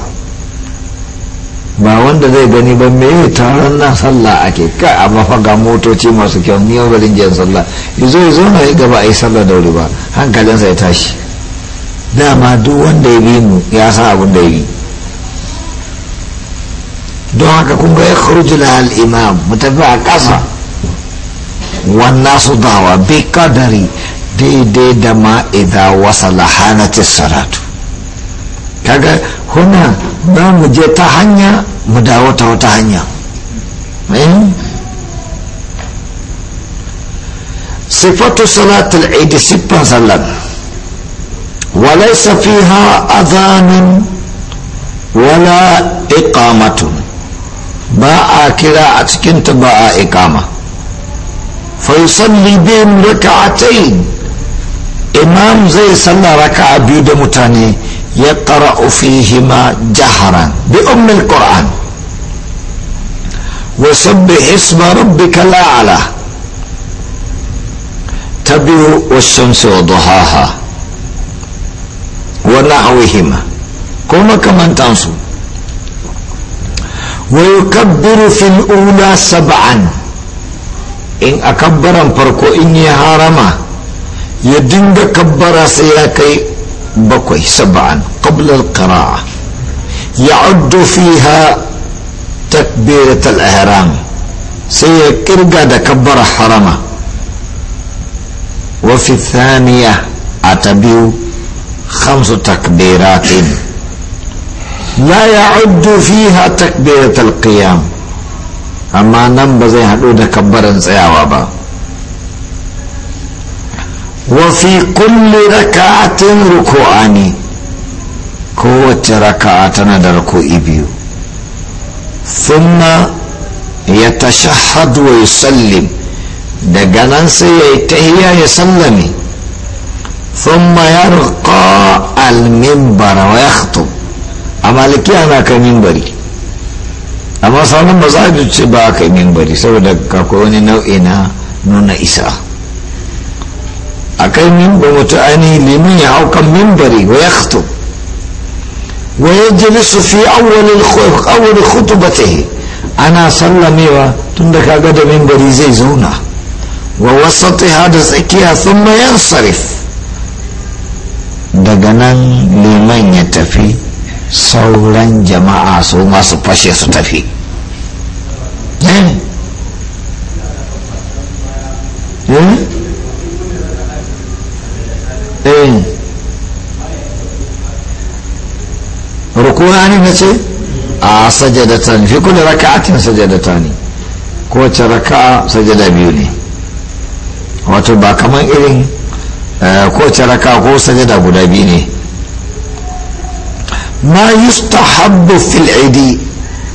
ba wanda zai gani ba me taron na sallah ake ka a mafaga motoci masu kyau ni yau garin jiyan sallah ya zo ya zo na yi gaba a yi sallah da wuri ba hankalinsa ya tashi dama duk wanda ya bi mu ya san abin da ya yi دعاك كم بيخرج لها الإمام متابع كذا والناس دعوة بقدر دي دي دما إذا وصل حانة الصلاة كاكا هنا ما مجيتا حنيا مداوتا وتا حنيا صفة صلاة العيد سبا صلاة وليس فيها أذان ولا إقامة. ba a kira a cikinta ba a ikama faisalli bihim raka'atain imam zai sallah raka biyu da mutane ya qara'u fihima jaharan bi ummil qur'an wa isma rabbika la'ala tabiu wash-shamsi wa duhaha wa nahwihima kuma kamantansu ويكبر في الأولى سبعا إن أكبر فرقو إني هارما يدنج كبر سياكي بكوي سبعا قبل القراءة يعد فيها تكبيرة الإحرام سيكرقا كبر حرما وفي الثانية أتبيو خمس تكبيرات لا يعد فيها تكبيرة القيام أما نم بزي هدود كبرا سيعوابا وفي كل ركعة ركوعاني قوة ركعة ندركو إبيو ثم يتشهد ويسلم دقنا سيتهيا يسلمي ثم يرقى المنبر ويخطب a maliki na kan mimbari amma sauran ba za a ce ba ka mimbari saboda kakwai wani nau'i na nuna isa a kai mimbar mutu ainihi limin ya hau kan mimbari wa ya khutub wa ya su fi ta yi ana sallamewa tun da kaga da mimbari zai zauna wa wasatiha da tsakiya sun mayan sarif daga nan liman ya tafi sauran jama'a su masu fashe su tafi eh? Eh? Eh? rukuna ne na ce a sajadata ne fi kula raka'atin sajadata ne kowace raka'a sajada biyu ne wato ba kamar irin kowace raka'a ko sajada guda biyu ne ma yustahabbu fil idi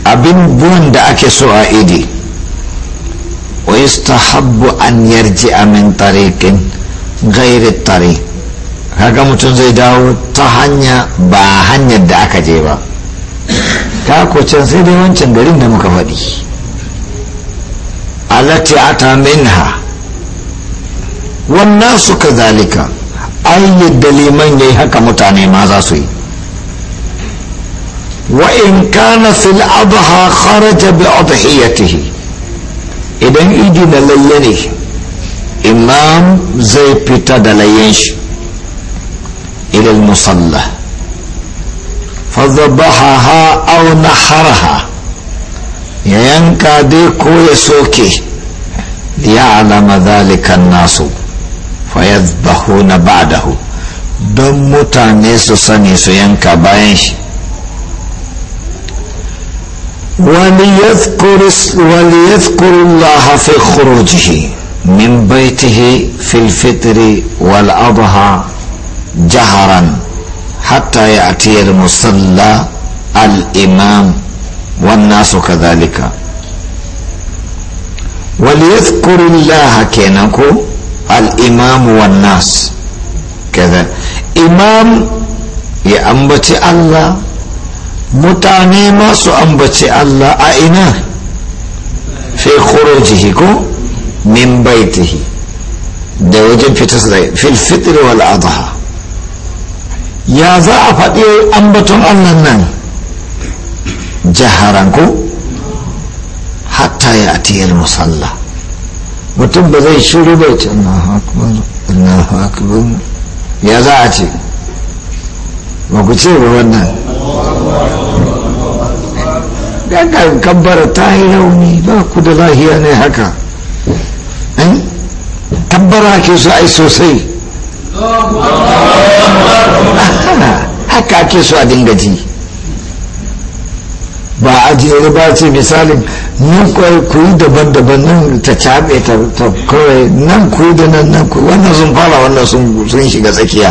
abin buwan da ake so a idi wa yustahabbu an yarji min tariqin ghairi tari kaga mutum zai dawo ta hanya ba hanyar da aka je ba ta can sai dai wancan garin da muka faɗi alati ata minha wannan suka zalika ai yadda liman yayi haka mutane ma za su yi وإن كان في الأضحى خرج بأضحيته إذن إيدي دليني إمام زي بيتا دليش إلى المصلى فذبحها أو نحرها ينكا ديكو يسوكي ليعلم ذلك الناس فيذبحون بعده دم متانيس سنيس ينكا باينش وليذكر وليذكر الله في خروجه من بيته في الفطر والأضحى جهرا حتى يأتي المصلى الإمام والناس كذلك وليذكر الله كينكو الإمام والناس كذا إمام يا الله mutane masu ambaci Allah a ina fi khurujihi ko min baitihi da wajen fitarsa da fil fitr wal adha ya za a faɗi ambaton Allah nan jaharan ko hatta ya atiyar musalla mutum ba zai shiru bai ce ya za a ce ba ku ce ba wannan kankan kabbara ta yi rauni ba ku da lahiya ne haka tabbara eh? ke su ai sosai haka ke su a dinga ji ba a jere ba ce misalin nan kuyi daban-daban nan ta caɓe ta kawai nan kuyi da nan nan kuyi wannan sun fara wannan sun shiga tsakiya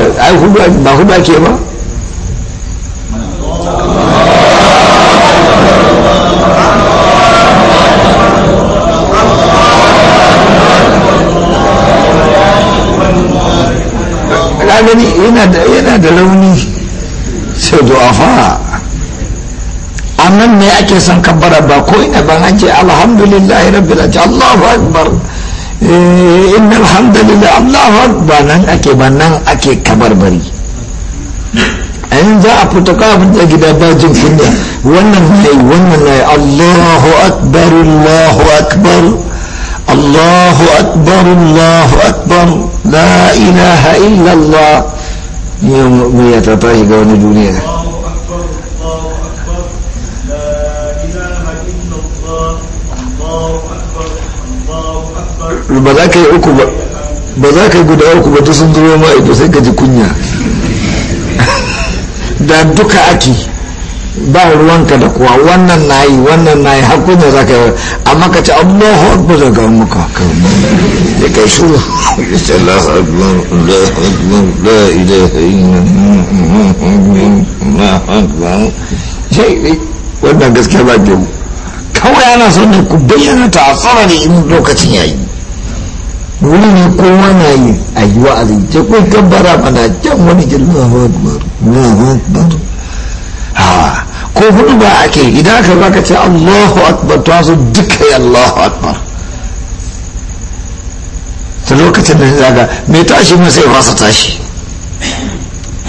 ai ba hudu ba gani yana da launi sai du'afa amma ne ake son kabbara ba ko ina ban an ce rabbi da ji Allahu akbar إيه، إن الحمد لله الله أكبر نان أكي بانان أكي كبر بري أين ذا أبوتك أبدا جدا باجن في الله ونن هاي ونن هاي الله أكبر الله أكبر الله أكبر الله أكبر لا إله إلا الله يوم ميتا طيب ba za ka yi uku ba ba za ka guda uku ba ta sun zuwa ma ido sai ka ji kunya da duka ake ba ruwanka da kuwa wannan na yi wannan na yi hakunya za ka yi amma ka ci amma hot ba zaga muka kama da ya kai shuru ya ce Allah akbar Allah akbar la ilaha illallah akbar sai dai wannan gaskiya ba kyau kawai ana son ne ku bayyana ta a tsara tsarari in lokacin yayi dole ne kowa na yi a yi wa'azi ce kun kabbara mana can wani jirgin ba akbar Allahu ha ko hudu ba ake idan aka baka ce Allahu akbar ta su duka ya Allahu akbar ta lokacin da ga mai tashi mun sai fasa tashi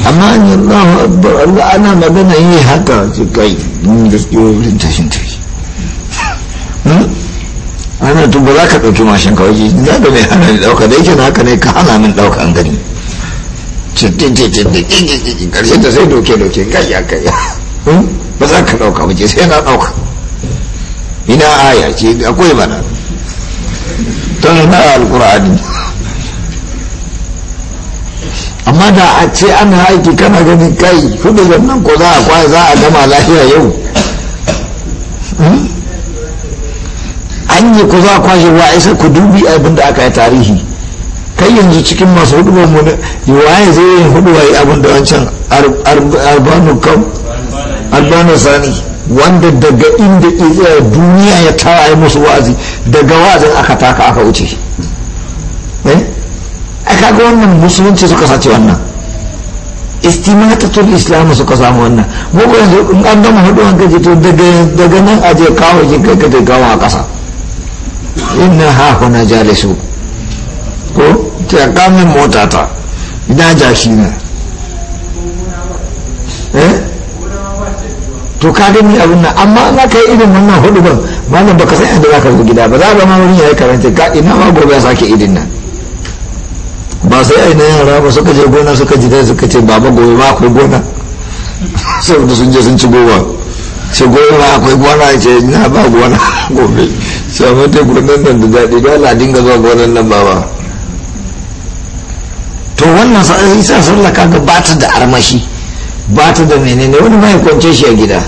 amma an yi Allahu akbar Allah ana magana yi haka su kai mun gaskiyo wurin tashin ta wani tun ba za ka ɗauki mashin kawai ji za da mai hana ni ɗauka da yake na haka ne ka hana min ɗauka an gani cikin cikin da ƙiƙiƙiƙi ƙarshen ta sai doke doke gayya gayya hmm? ba za ka ɗauka ba ce sai na ɗauka ina aya ce akwai mana tun na alƙur'ani amma da a ce an haiki kana ganin kai hudu nan ko za a kwaya za a gama lafiya yau ne ku za kwashe wa isa ku dubi abin da aka yi tarihi kai yanzu cikin masu hudubar mu ne waye zai yi hudu wa abin da wancan albanu kam albanu sani wanda daga inda tsaya duniya ya tara yi musu wazi daga wazin aka taka aka wuce eh? a ga wannan musulunci suka sace wannan istimatatul islam suka samu wannan mu yanzu an gama hudu an gaji to daga nan aje kawo ki kai ka gawa a kasa inna ha kuna jalisu ko ta kamin mota ta na jaki na eh to ka gani abin nan amma an ka yi irin wannan hudu ban malam baka san inda zaka zo gida ba za ba ma wurin yayi karanta ka ina ma gobe ya sake idin nan ba sai na yara ba suka je gona suka ji dai suka ce baba gobe ba ku gona sai sun je sun ci gowa ce gowa akwai gona ce na ba gona gobe sabon tekun nan da daɗi dole a dinga zuwa gonan nan ba to wannan eh, isa sallah ga ba ta da armashi bata da menene wani mai kwance shi a gida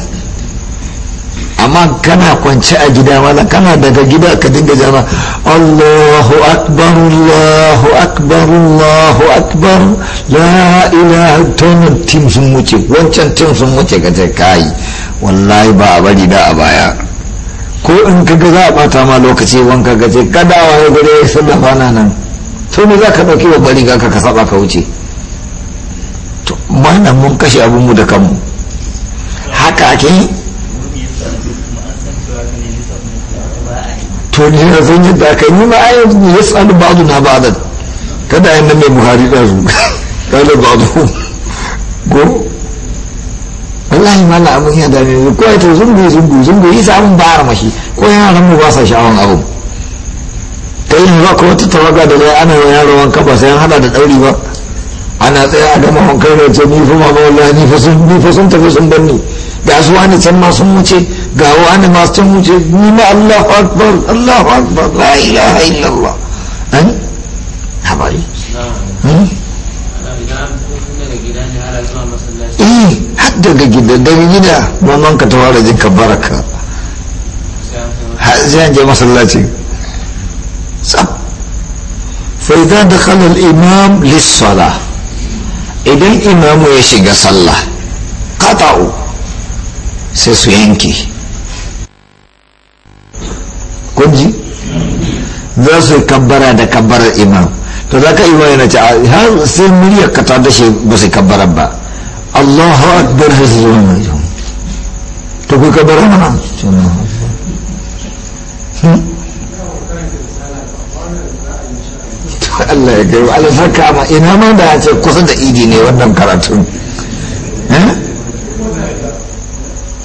amma kana kwance a gida wala kana daga gida ka dinga jama Allahu akbar Allahu akbar Allahu akbar la ilaha tim sun wuce wancan tim sun wuce ka ce kai wallahi ba a bari da a baya ko in ka ga za a bata ma lokaci wanka gaje kada ya gure ya sallafa na nan to ne za ka ɗauki bari ga ka saba ka wuce to na mun kashe abinmu da kanmu haka ake yi to ne na zan yadda aka yi ma ayar ne ya tsalu ba'adu na ba'adan kada yin nan mai buhari ɗazu kada ba'adu ko wallahi mala abun ya dame ni ko to zungu zungu zungu sa abun ba mashi ko yaran mu ba sa sha'awan abun ta yi ba ko wata tawaga da zai ana yaro wanka ba sai an hada da dauri ba ana tsaye a gama wankan da ce ni fa ma wallahi ni fa sun ni fa sun tafi sun banni ga su wani can ma sun wuce ga wani ma sun wuce ni ma Allahu akbar Allahu akbar la ilaha illallah an eh? habari hmm? daga don gida maman ka tawara fara jin ka baraka har zai an je masallaci tsab sai za da kanar imam lissala idan imamu ya shiga sallah kata'u sai su yanki kunji za su yi kabbara da kabbarar imam to za ka yi wani na ah, har sai muryar ka ta dashe ba su kabbarar ba الله أكبر هذا الزمن يوم تقول كبر أنا سبحان الله يجيب على فكرة ما إنها ما ده هذا قصد إيديني ودم كراتون ها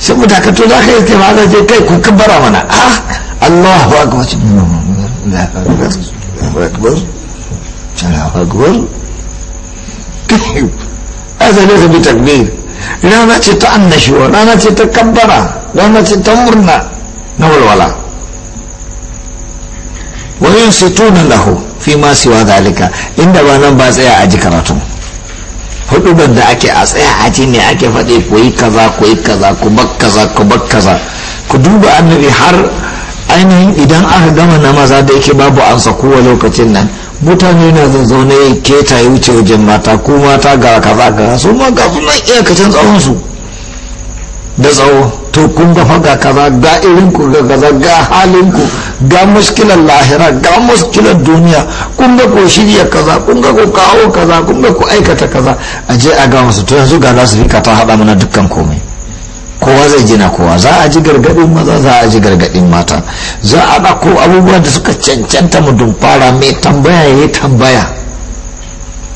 سمو ده كتولا خير كم هذا جاي كي كبر أنا آه الله أكبر لا أكبر أكبر جل أكبر كيف a same su bi takbir rana ce ta annashuwa rana ce ta kabbara rana ce ta murna na walwala wa yin situna lahu fi ma siwa zalika inda ba nan ba tsaya a ji karatu hudubar da ake a tsaya a ji ne ake faɗi ku yi kaza ku yi kaza ku bak kaza ku bak kaza ku duba annabi har ainihin idan aka gama na maza da yake babu ansa kowa lokacin nan mutane na zazzaune keta ya wuce wajen mata ko mata ga kaza ga su ma ga sunan iyakacin tsawon da tsawo to kun ga kaza ga irin ku ga kaza ga halin ku ga muskilar lahira ga muskilar duniya kun ga ko shirya kaza kun ga ko kawo kaza kun ga ko aikata kaza a je a ga masu to yanzu ga za su rika ta hada mana dukkan komai kowa zai gina kowa za a ji gargadin maza za a ji gargadin mata za a ɗauko abubuwan da suka cancanta mu fara mai tambaya ya tambaya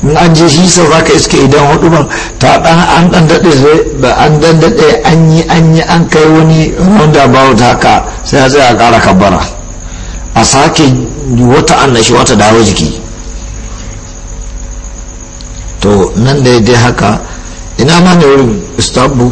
in an je shi sau za ka iske idan hudu ba ta ɗan an ɗan daɗe ba an ɗan daɗe an yi an yi an kai wani wanda ba ta haka sai a tsaya a ƙara kabbara a sake wata annashi wata dawo jiki to nan da dai haka ina ma ne wurin istanbul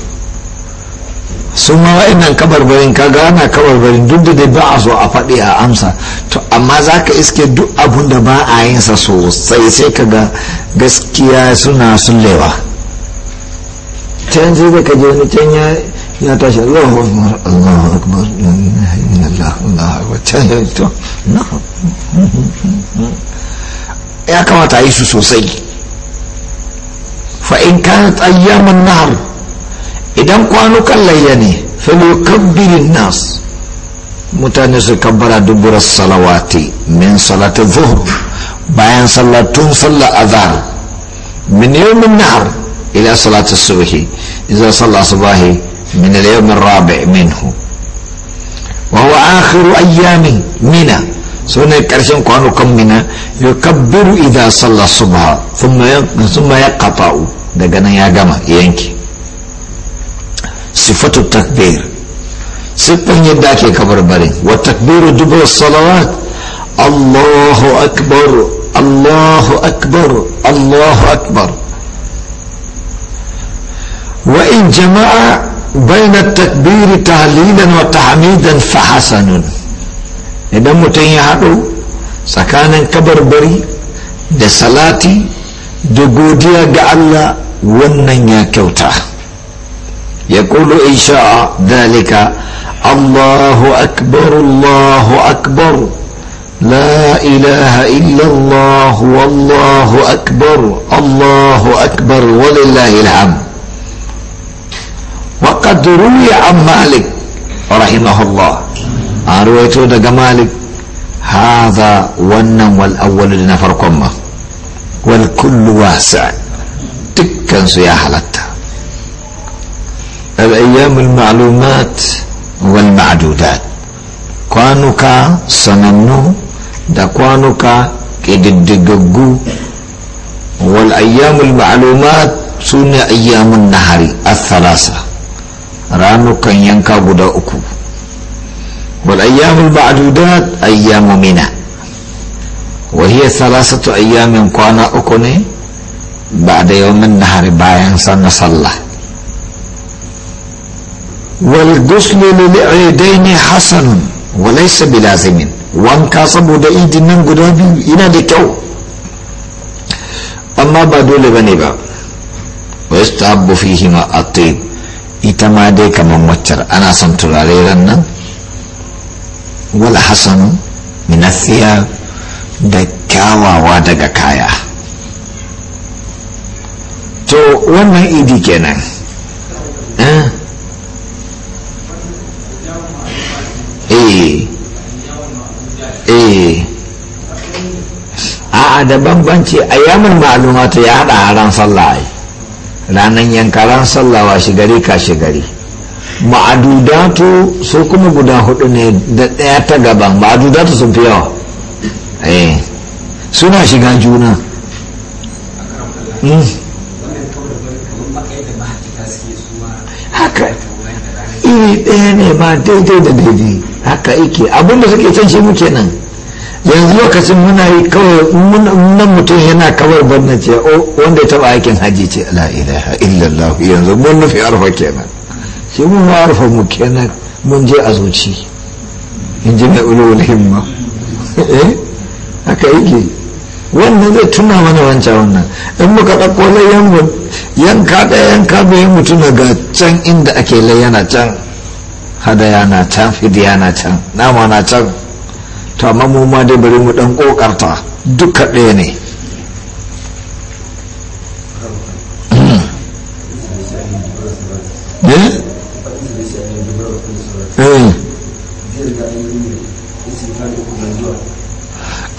su ma wa'annan kabarbarin ka ana kabarbarin duk da dai ba a so a faɗi a amsa to amma za ka iske duk abun da ba a yin sa sosai sai ka ga gaskiya suna sun lewa can zai ka je wani can ya ya tashi Allahu akbar Allahu akbar Allahu akbar can ya to ya kamata a yi su sosai fa in kanat ayyamun nahar idan kwanukan layya ne falyukabbirin nas mutane su kabbara duburar salawati min salatin zuhur bayan sallatun sallar azhar min yawmin nahar ila salatu subhi idza salla subahi min al-yawm ar-rabi' minhu wa huwa akhiru ayyami mina sune karshen kwanukan mina yukabbiru idza salla subha thumma thumma yaqta'u daga nan ya gama yanki صفه التكبير سبن يداك كبر بري وتكبير دبر الصلوات الله اكبر الله اكبر الله اكبر وان جمع بين التكبير تهليلا وتحميدا فحسن إذا mutum ya haɗu tsakanin kabarbari da salati da godiya ga يقول إن شاء ذلك الله أكبر الله أكبر لا إله إلا الله والله أكبر الله أكبر ولله الحمد وقد روي عن مالك رحمه الله آه، رويته دق مالك هذا ونم والأول لنفركم والكل واسع تكن سياحة حلته الأيام المعلومات والمعدودات كوانوكا سننو دا كوانوكا كيددددددو والأيام المعلومات سنة أيام النهاري الثلاثة رانو كان ينكا بداؤكو والأيام المعدودات أيام منا وهي ثلاثة أيام كوانا أكوني بعد يوم النهار بايان سنة صلى الله والغسل للعيدين حسن وليس بلازم wanka saboda idin guda biyu ina da kyau amma ba dole ba ne ba wasu ta abu fi hima a ita ma dai kamar waccar ana son turare ran nan wala na minasiya da kyawawa daga kaya to wannan idi kenan eh a eh. a'a da bambanci ayyamul ma'lumatu ya hada ran sallah ai ranan ran sallah wa shi gari ka shi gari ma'adudatu su kuma guda hudu ne da daya ta gaban ma'adudatu sun fi yawa eh suna shiga juna hmm. haka iri ɗaya ne ma daidai da daidai haka yake abinda suke can shi muke nan yanzu lokacin muna yi kawai nan mutum yana kawai banna ce oh, wanda ya taba aikin haji ce la ilaha illallah yanzu mun nufi arfa kenan shi mun ma arfa mu kenan mun je a zuci in ji mai ulul himma eh haka yake wannan zai tuna mana wancan wannan in muka ɗauko zai yanka ɗaya yanka bai mutuna ga can inda ake layyana can hadaya na can fidiya na can nama na can to amma mu ma dai bari mu dan kokarta duka ɗaya ne hmm. eh? Eh.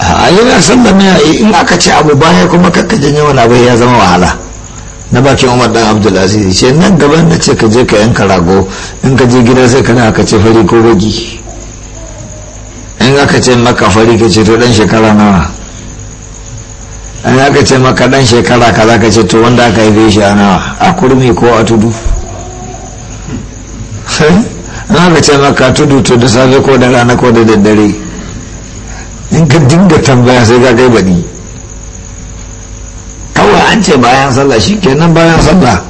Ah, a yana sallah ne in aka ce abu baya kuma kakka janye wani abu ya zama wahala na bakin umar dan abdulaziz ce nan gaba na ce ka je ka yanka rago in ka je gida sai ka na ka ce fari ko baki in aka ce maka fari ka ce to dan shekara nawa in aka ce maka dan shekara kaza ka ce to wanda aka haife shi a nawa a kurmi ko a tudu eh? in aka ce maka tudu to da safe ko da rana ko da daddare in ka dinga tambaya sai ka kai baɗi an ce bayan sallah shi kenan bayan sallah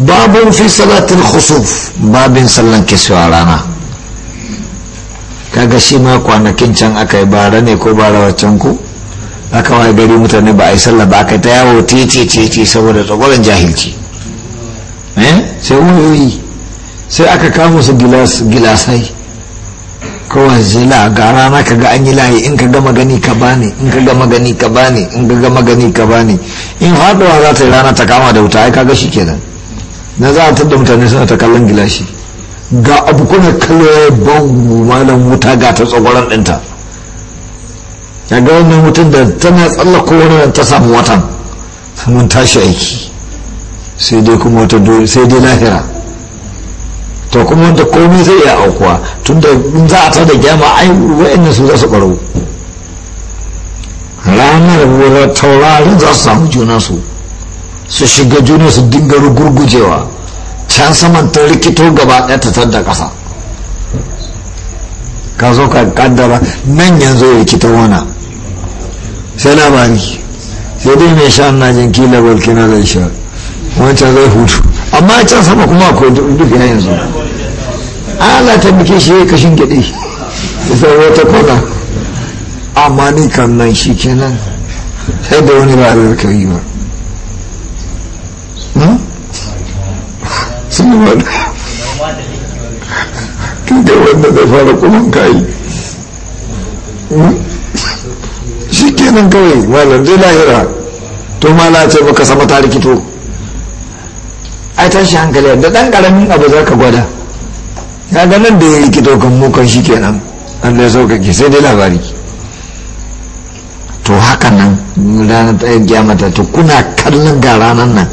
babun fi salatin khusuf babin sallan kiswa rana kaga shi ma kwanakin can aka yi bara ne ko bara waccan ku aka wani gari mutane ba a yi sallah ba aka ta yawo titi titi saboda tsagoron jahilci eh? sai wayoyi sai aka kama su gilasai kawai zina ga rana ka ga an yi layi in ka gama gani ka bani in ka gama gani ka bani in ka gama gani ka bani in haɗuwa za ta yi rana ta kama da wuta ai kaga shi kenan na za a tadda mutane suna ta kallon gilashi ga abu kuna kallo ya bangu malam wuta ga ta tsagwaron ɗinta ya ga wannan mutum da tana tsallako wani ta samu watan mun tashi aiki sai dai kuma wata sai dai lahira to kuma wanda komai zai iya aukuwa tunda in za a ta gyama ai wa'annan su za su ɓarau ranar wurin taurarin za su samu juna su su shiga juna su dinga gurgujewa can saman ta rikito gaba ɗaya ta tattar ƙasa ka zo ka kaddara nan yanzu ya rikito wana sai labari sai dai mai sha na jin kila balkina zai sha wancan zai hutu amma can sama kuma akwai duk yanzu Allah ta muke shi ya kashin gyaɗe da wata kwana amma ni kan nan shi kenan sai da wani ba da kai ba hmm? sun yi wani tun da wanda zai fara kuman kayi hmm? shi kenan kawai malam zai lahira to mala ce baka sama ta rikito ai tashi hankali da ɗan ƙaramin abu za ka gwada kaga nan da ya yi kito kan mukan shi kenan an da ya sauƙaƙe sai dai labari to haka nan ranar ta kiyamata to kuna kallon ga ranar nan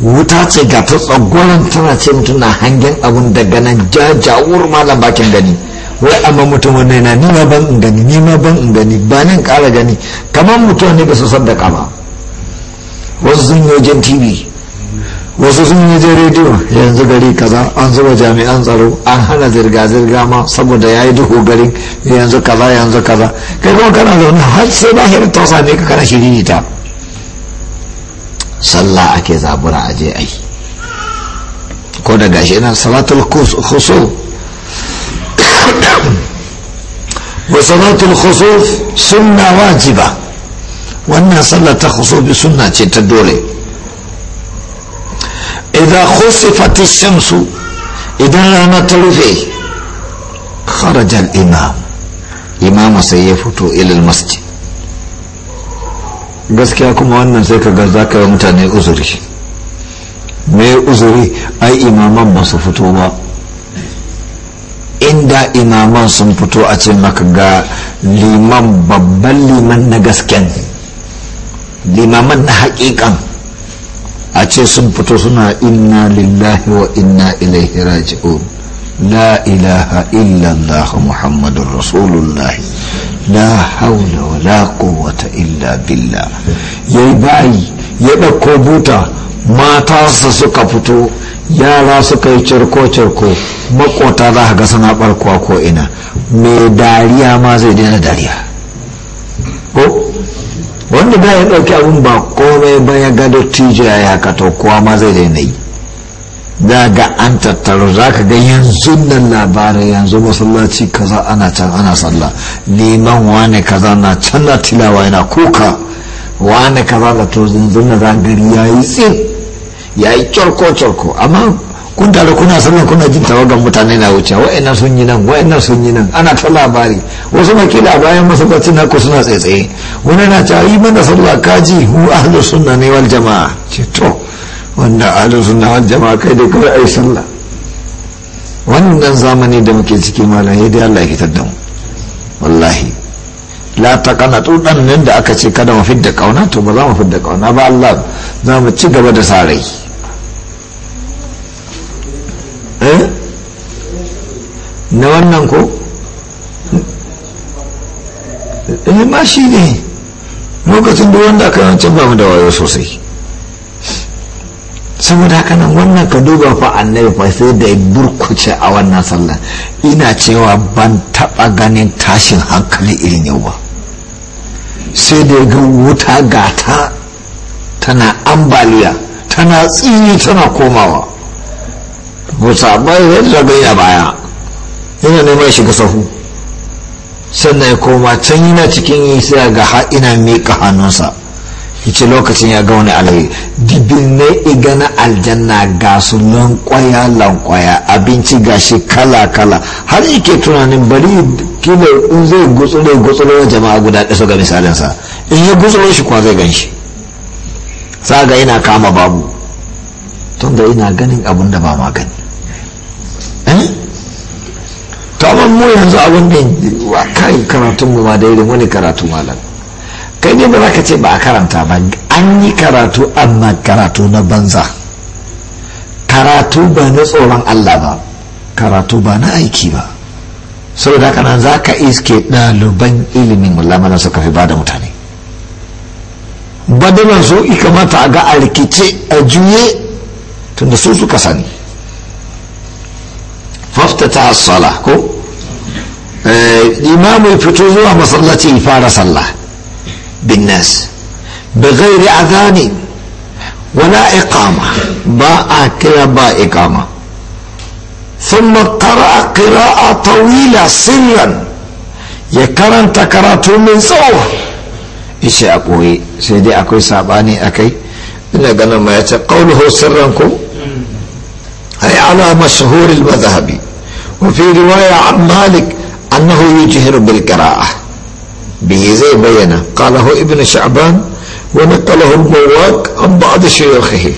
wuta ce ga ta tsagwaron tana ce mutum na hangen abun daga nan jajawar malam bakin gani wai amma mutum wannan na nima ban in gani nima ban in gani ba nan kara gani kamar mutum ne ba su sadaka ba wasu sun yi wajen tv wasu sun yi je rediyo yanzu gari kaza an zuba jami'an tsaro an hana zirga-zirga ma saboda ya yi duhu garin yanzu kaza yanzu kaza kai kuma kana zaune har sai ba lahirin ta ne ka kana shiri ta sallah ake zabura a je ai ko da gashi ina salatul khusu wa salatul khusuf sunna wajiba wannan sallar ta khusuf sunna ce ta dole اذا خصفت الشمس idan رانا ta rufe الامام امام imam الى sai ya fito gaskiya kuma wannan sai ga za ka yi mutane uzuri me uzuri ai imaman ba su fito ba inda imaman sun fito a ce maka ga liman babban liman na gasken limaman na haƙiƙan a ce sun fito suna inna lillahi wa inna ilaihi raji'un la ilaha illallah muhammadun rasulullah la haula wa la quwwata illa billah yayi bayi ya ɗauko buta mata su suka fito yara suka yi cirko-cirko makota za ka ga sana barkuwa ko ina mai dariya ma zai daina dariya wanda ba ya ɗauki abin ba komai ba ya gado dattijo ya haka to kowa ma zai daina yi za ga an tattaro za ka ga yanzu nan labarai yanzu masallaci kaza ana can ana sallah neman wane kaza na can na tilawa yana kuka wane kaza na to yanzu na gari ya yi tsin ya yi amma kun taru kuna sannan kuna jin tawagan mutane na wuce wa'annan sun yi nan wa'annan sun yi nan ana ta labari wasu da bayan masallacin haku suna tsaitsaye wani na ta yi mana sallah kaji hu ahlu sunna ne wal jama'a ce to wanda ahlu sunna wal jama'a kai da kawai ai sallah wannan zamani da muke ciki malam ya dai Allah ya fitar da mu wallahi la ta kana nan da aka ce kada mu fidda kauna to ba za mu fidda kauna ba Allah za mu ci gaba da sarai Eh? na wannan ko eh, ma shi ne lokacin da wanda aka yi ba mu da wayo sosai saboda haka nan wannan ka duba fa annabi fa sai da ya burkuce a wannan sallah ina cewa ban taba ganin tashin hankali irin yau ba sai da ya ga wuta gata tana ambaliya tana tsini tana komawa musa bai zagaye a baya yana neman shiga sahu sannan ya koma can yana cikin yi sai ga ha ina miƙa hannunsa yace lokacin ya ga wani alayi iga igana aljanna ga su lankwaya lankwaya abinci gashi kala kala har yake tunanin bari kila in zai gutsulo gutsulo wa jama'a guda ɗaya ga misalinsa in ya gutsulo shi kuwa zai ganshi sa ga ina kama babu tunda ina ganin abin da ba magani. to amma mu yanzu a da wa kai karatun mu ma da irin wani karatu malam kai ne ba za ka ce ba a karanta ba an yi karatu amma karatu na banza karatu ba na tsoron Allah ba karatu ba na aiki ba saboda haka nan za ka iske ɗaliban ilimin mulamana suka fi ba da mutane badalan so ikamata a ga a rikice a juye tunda su suka sani فافتتح الصلاة كو الإمام آه، يفتوزوها مصلتي فار صلاة بالناس بغير أذان ولا إقامة باء كلا باء إقامة ثم قرأ قراءة طويلة سرا يكرن تكرات من سوى إيش أقوي سيدي أقوي صعباني أكي إلا قال ما يتقوله سرا كو أي على مشهور المذهب وفي رواية عن مالك أنه يجهر بالقراءة به زي بينه قاله ابن شعبان ونقله البواك عن بعض شيوخه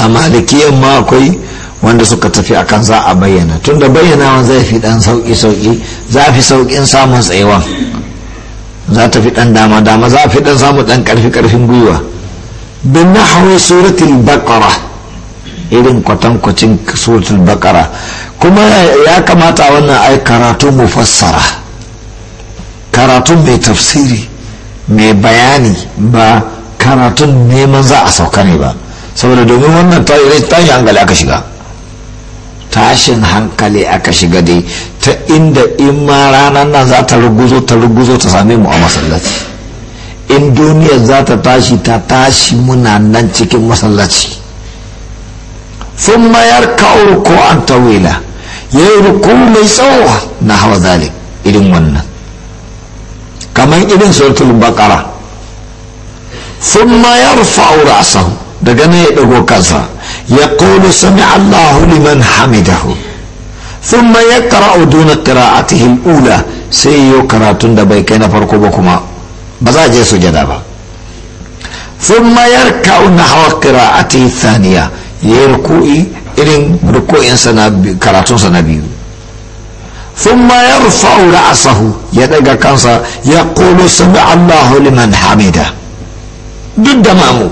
أمالكية ما كوي وأن سكت في أكان زاء بينا تند بينا وزي في دان سوئي سوئي زي في سوئي إنسان مزعيوة زي في دان داما داما زي في دان سامو دان كرفي كرفي بالنحو سورة البقرة irin kwatankwacin suratul bakara kuma ya kamata wannan ai karatu mu fassara karatu mai tafsiri mai bayani ba karatu neman za a sauka ne ba saboda domin wannan tashin hankali aka shiga tashin hankali aka shiga dai ta inda in ma ranar nan za ta ruguzo ta ruguzo ta same mu a masallaci in duniyar za ta tashi ta tashi muna nan cikin masallaci sun mayar ka'urko an tawila ya yi ruku mai tsawo na hawa zalik irin wannan kamar irin suratul bakara sun mayar fa'ura asahu daga nan ya ɗago kansa ya kulu sami allahu liman hamidahu sun mayar kara'u duna kira'atihil ula sai yi karatun da bai kai na farko ba kuma ba za a je jada ba sun mayar ka'u na hawa kira'atihil saniya. ya yi ruku'i irin ruku'insa na sa na biyu sun mayar fa'ura a sahu ya daga kansa ya kolo sami allahu liman hamida duk da mamu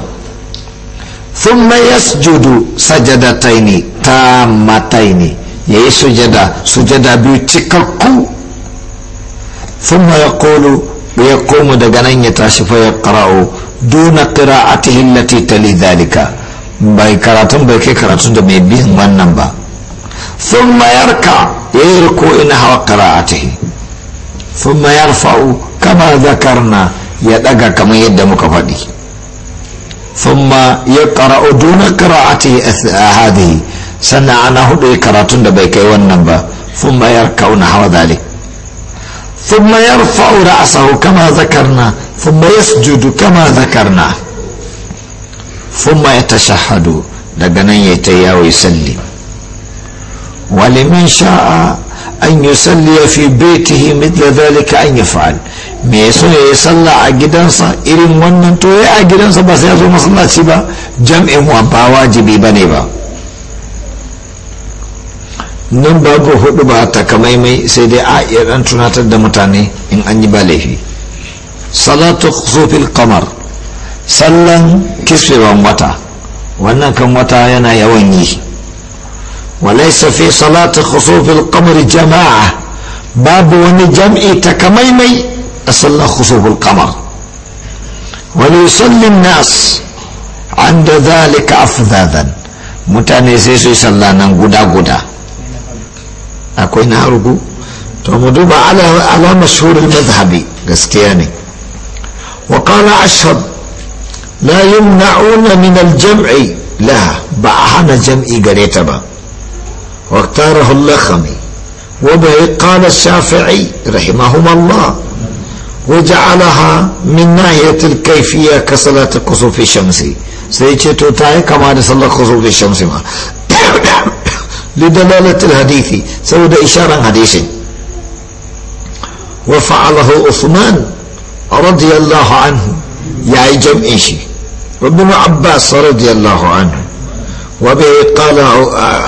sun mayar judu sajadatai ne ta matai ne ya yi sujada sujada biyu cikakku sun ya kolo ya komo daga nan ya tashi fa ya kara'o duna kira a lati tali zalika bai karatun bai kai karatun da mai bin wannan ba sun ka ya yi riko ina hawa kara'atihi sun mayar fa'u kama na ya daga kamar yadda muka faɗi sun ma ya kara duna kara a ta hadihi sannan ana hudu ya karatun da bai kai wannan ba sun mayar na hawa zalik sun mayar fa'u asahu kama zakarna sun ma yasjudu kama na. ta shahadu daga nan ya ta yawo salli waliman sha'a an yusalli fi baitihi mithla dhalika an yaf'al me so ya salla a gidansa irin wannan to ya a gidansa ba sai masallaci ba jam'in wa ba wajibi bane ba nan babu huɗu ba takamaimai sai dai a iya ɗan tunatar da mutane in an yi ba laifi salatu khusufil kamar. sannan kisfewan wata wannan kan wata yana yawan yi walaisa fi salati khusufil qamar jama'a babu wani jam'i takamaimai a sallar khusufil qamar wani yusallin nas an da zalika afdadan mutane sai su yi sallah nan guda-guda akwai na harugu to mu duba alamar shurin mazhabi gaskiya ne wa kana لا يمنعون من الجمع لا بأحنا جمع a واختاره اللخمي وبه قال الشافعي رحمهما الله وجعلها من ناحية الكيفية كصلاة الكسوف الشمس سيجي توتاي كما صلى كسوف الشمس ما لدلالة الحديث سود إشارة حديث وفعله عثمان رضي الله عنه يعي جمع شي وابن عباس رضي الله عنه وبه قال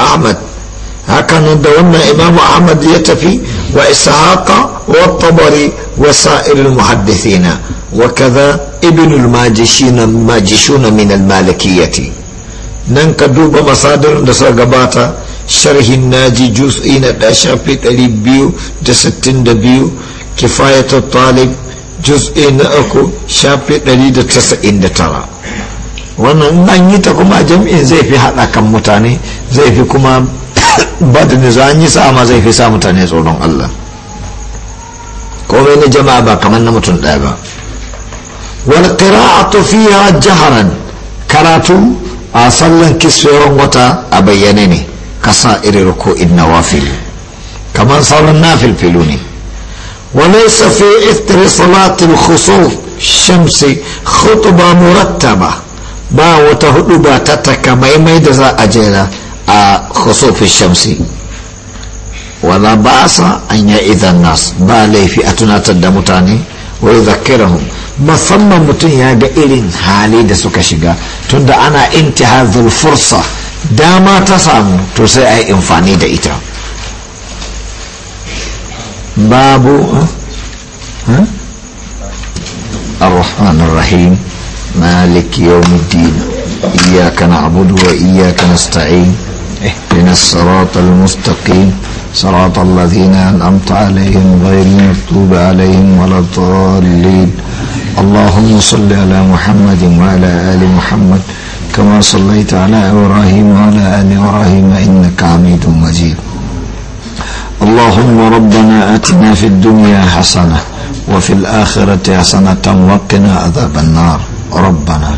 أحمد هكذا دون إمام أحمد يتفي وإسحاق والطبري وسائر المحدثين وكذا ابن الماجشين الماجشون من المالكية ننك دوب مصادر دسا شرح الناجي جزء إن تليب بيو دستين دبيو كفاية الطالب juz'i na uku shafi 199 wannan an yi ta kuma jam'in zai fi haɗa kan mutane zai fi kuma badani za an yi sama zai fi sa mutane tsoron Allah komai na jama'a ba kamar na mutum ɗaya ba wal a tafiya jaharan karatu a sallan kisfewan wata a bayyane ne kasa irin ruku'in wafili kamar sauran na filfilu ne وليس في إثر صلاة الخصوف الشمس خطبة مرتبة با وتهدب تتك ميميد ذا أجينا خصوف الشمس ولا بأس أن يئذ الناس با لي في أتنا تدمتاني ويذكرهم musamman mutum ya ga irin hali da suka shiga tunda ana intihazul fursa dama ta samu to sai a yi amfani da ita باب الرحمن الرحيم مالك يوم الدين إياك نعبد وإياك نستعين اهدنا الصراط المستقيم صراط الذين أنعمت عليهم غير المغضوب عليهم ولا الضالين اللهم صل على محمد وعلى آل محمد كما صليت على إبراهيم وعلى آل إبراهيم إنك حميد مجيد اللهم ربنا أتنا في الدنيا حسنة وفي الآخرة حسنة وقنا عذاب النار ربنا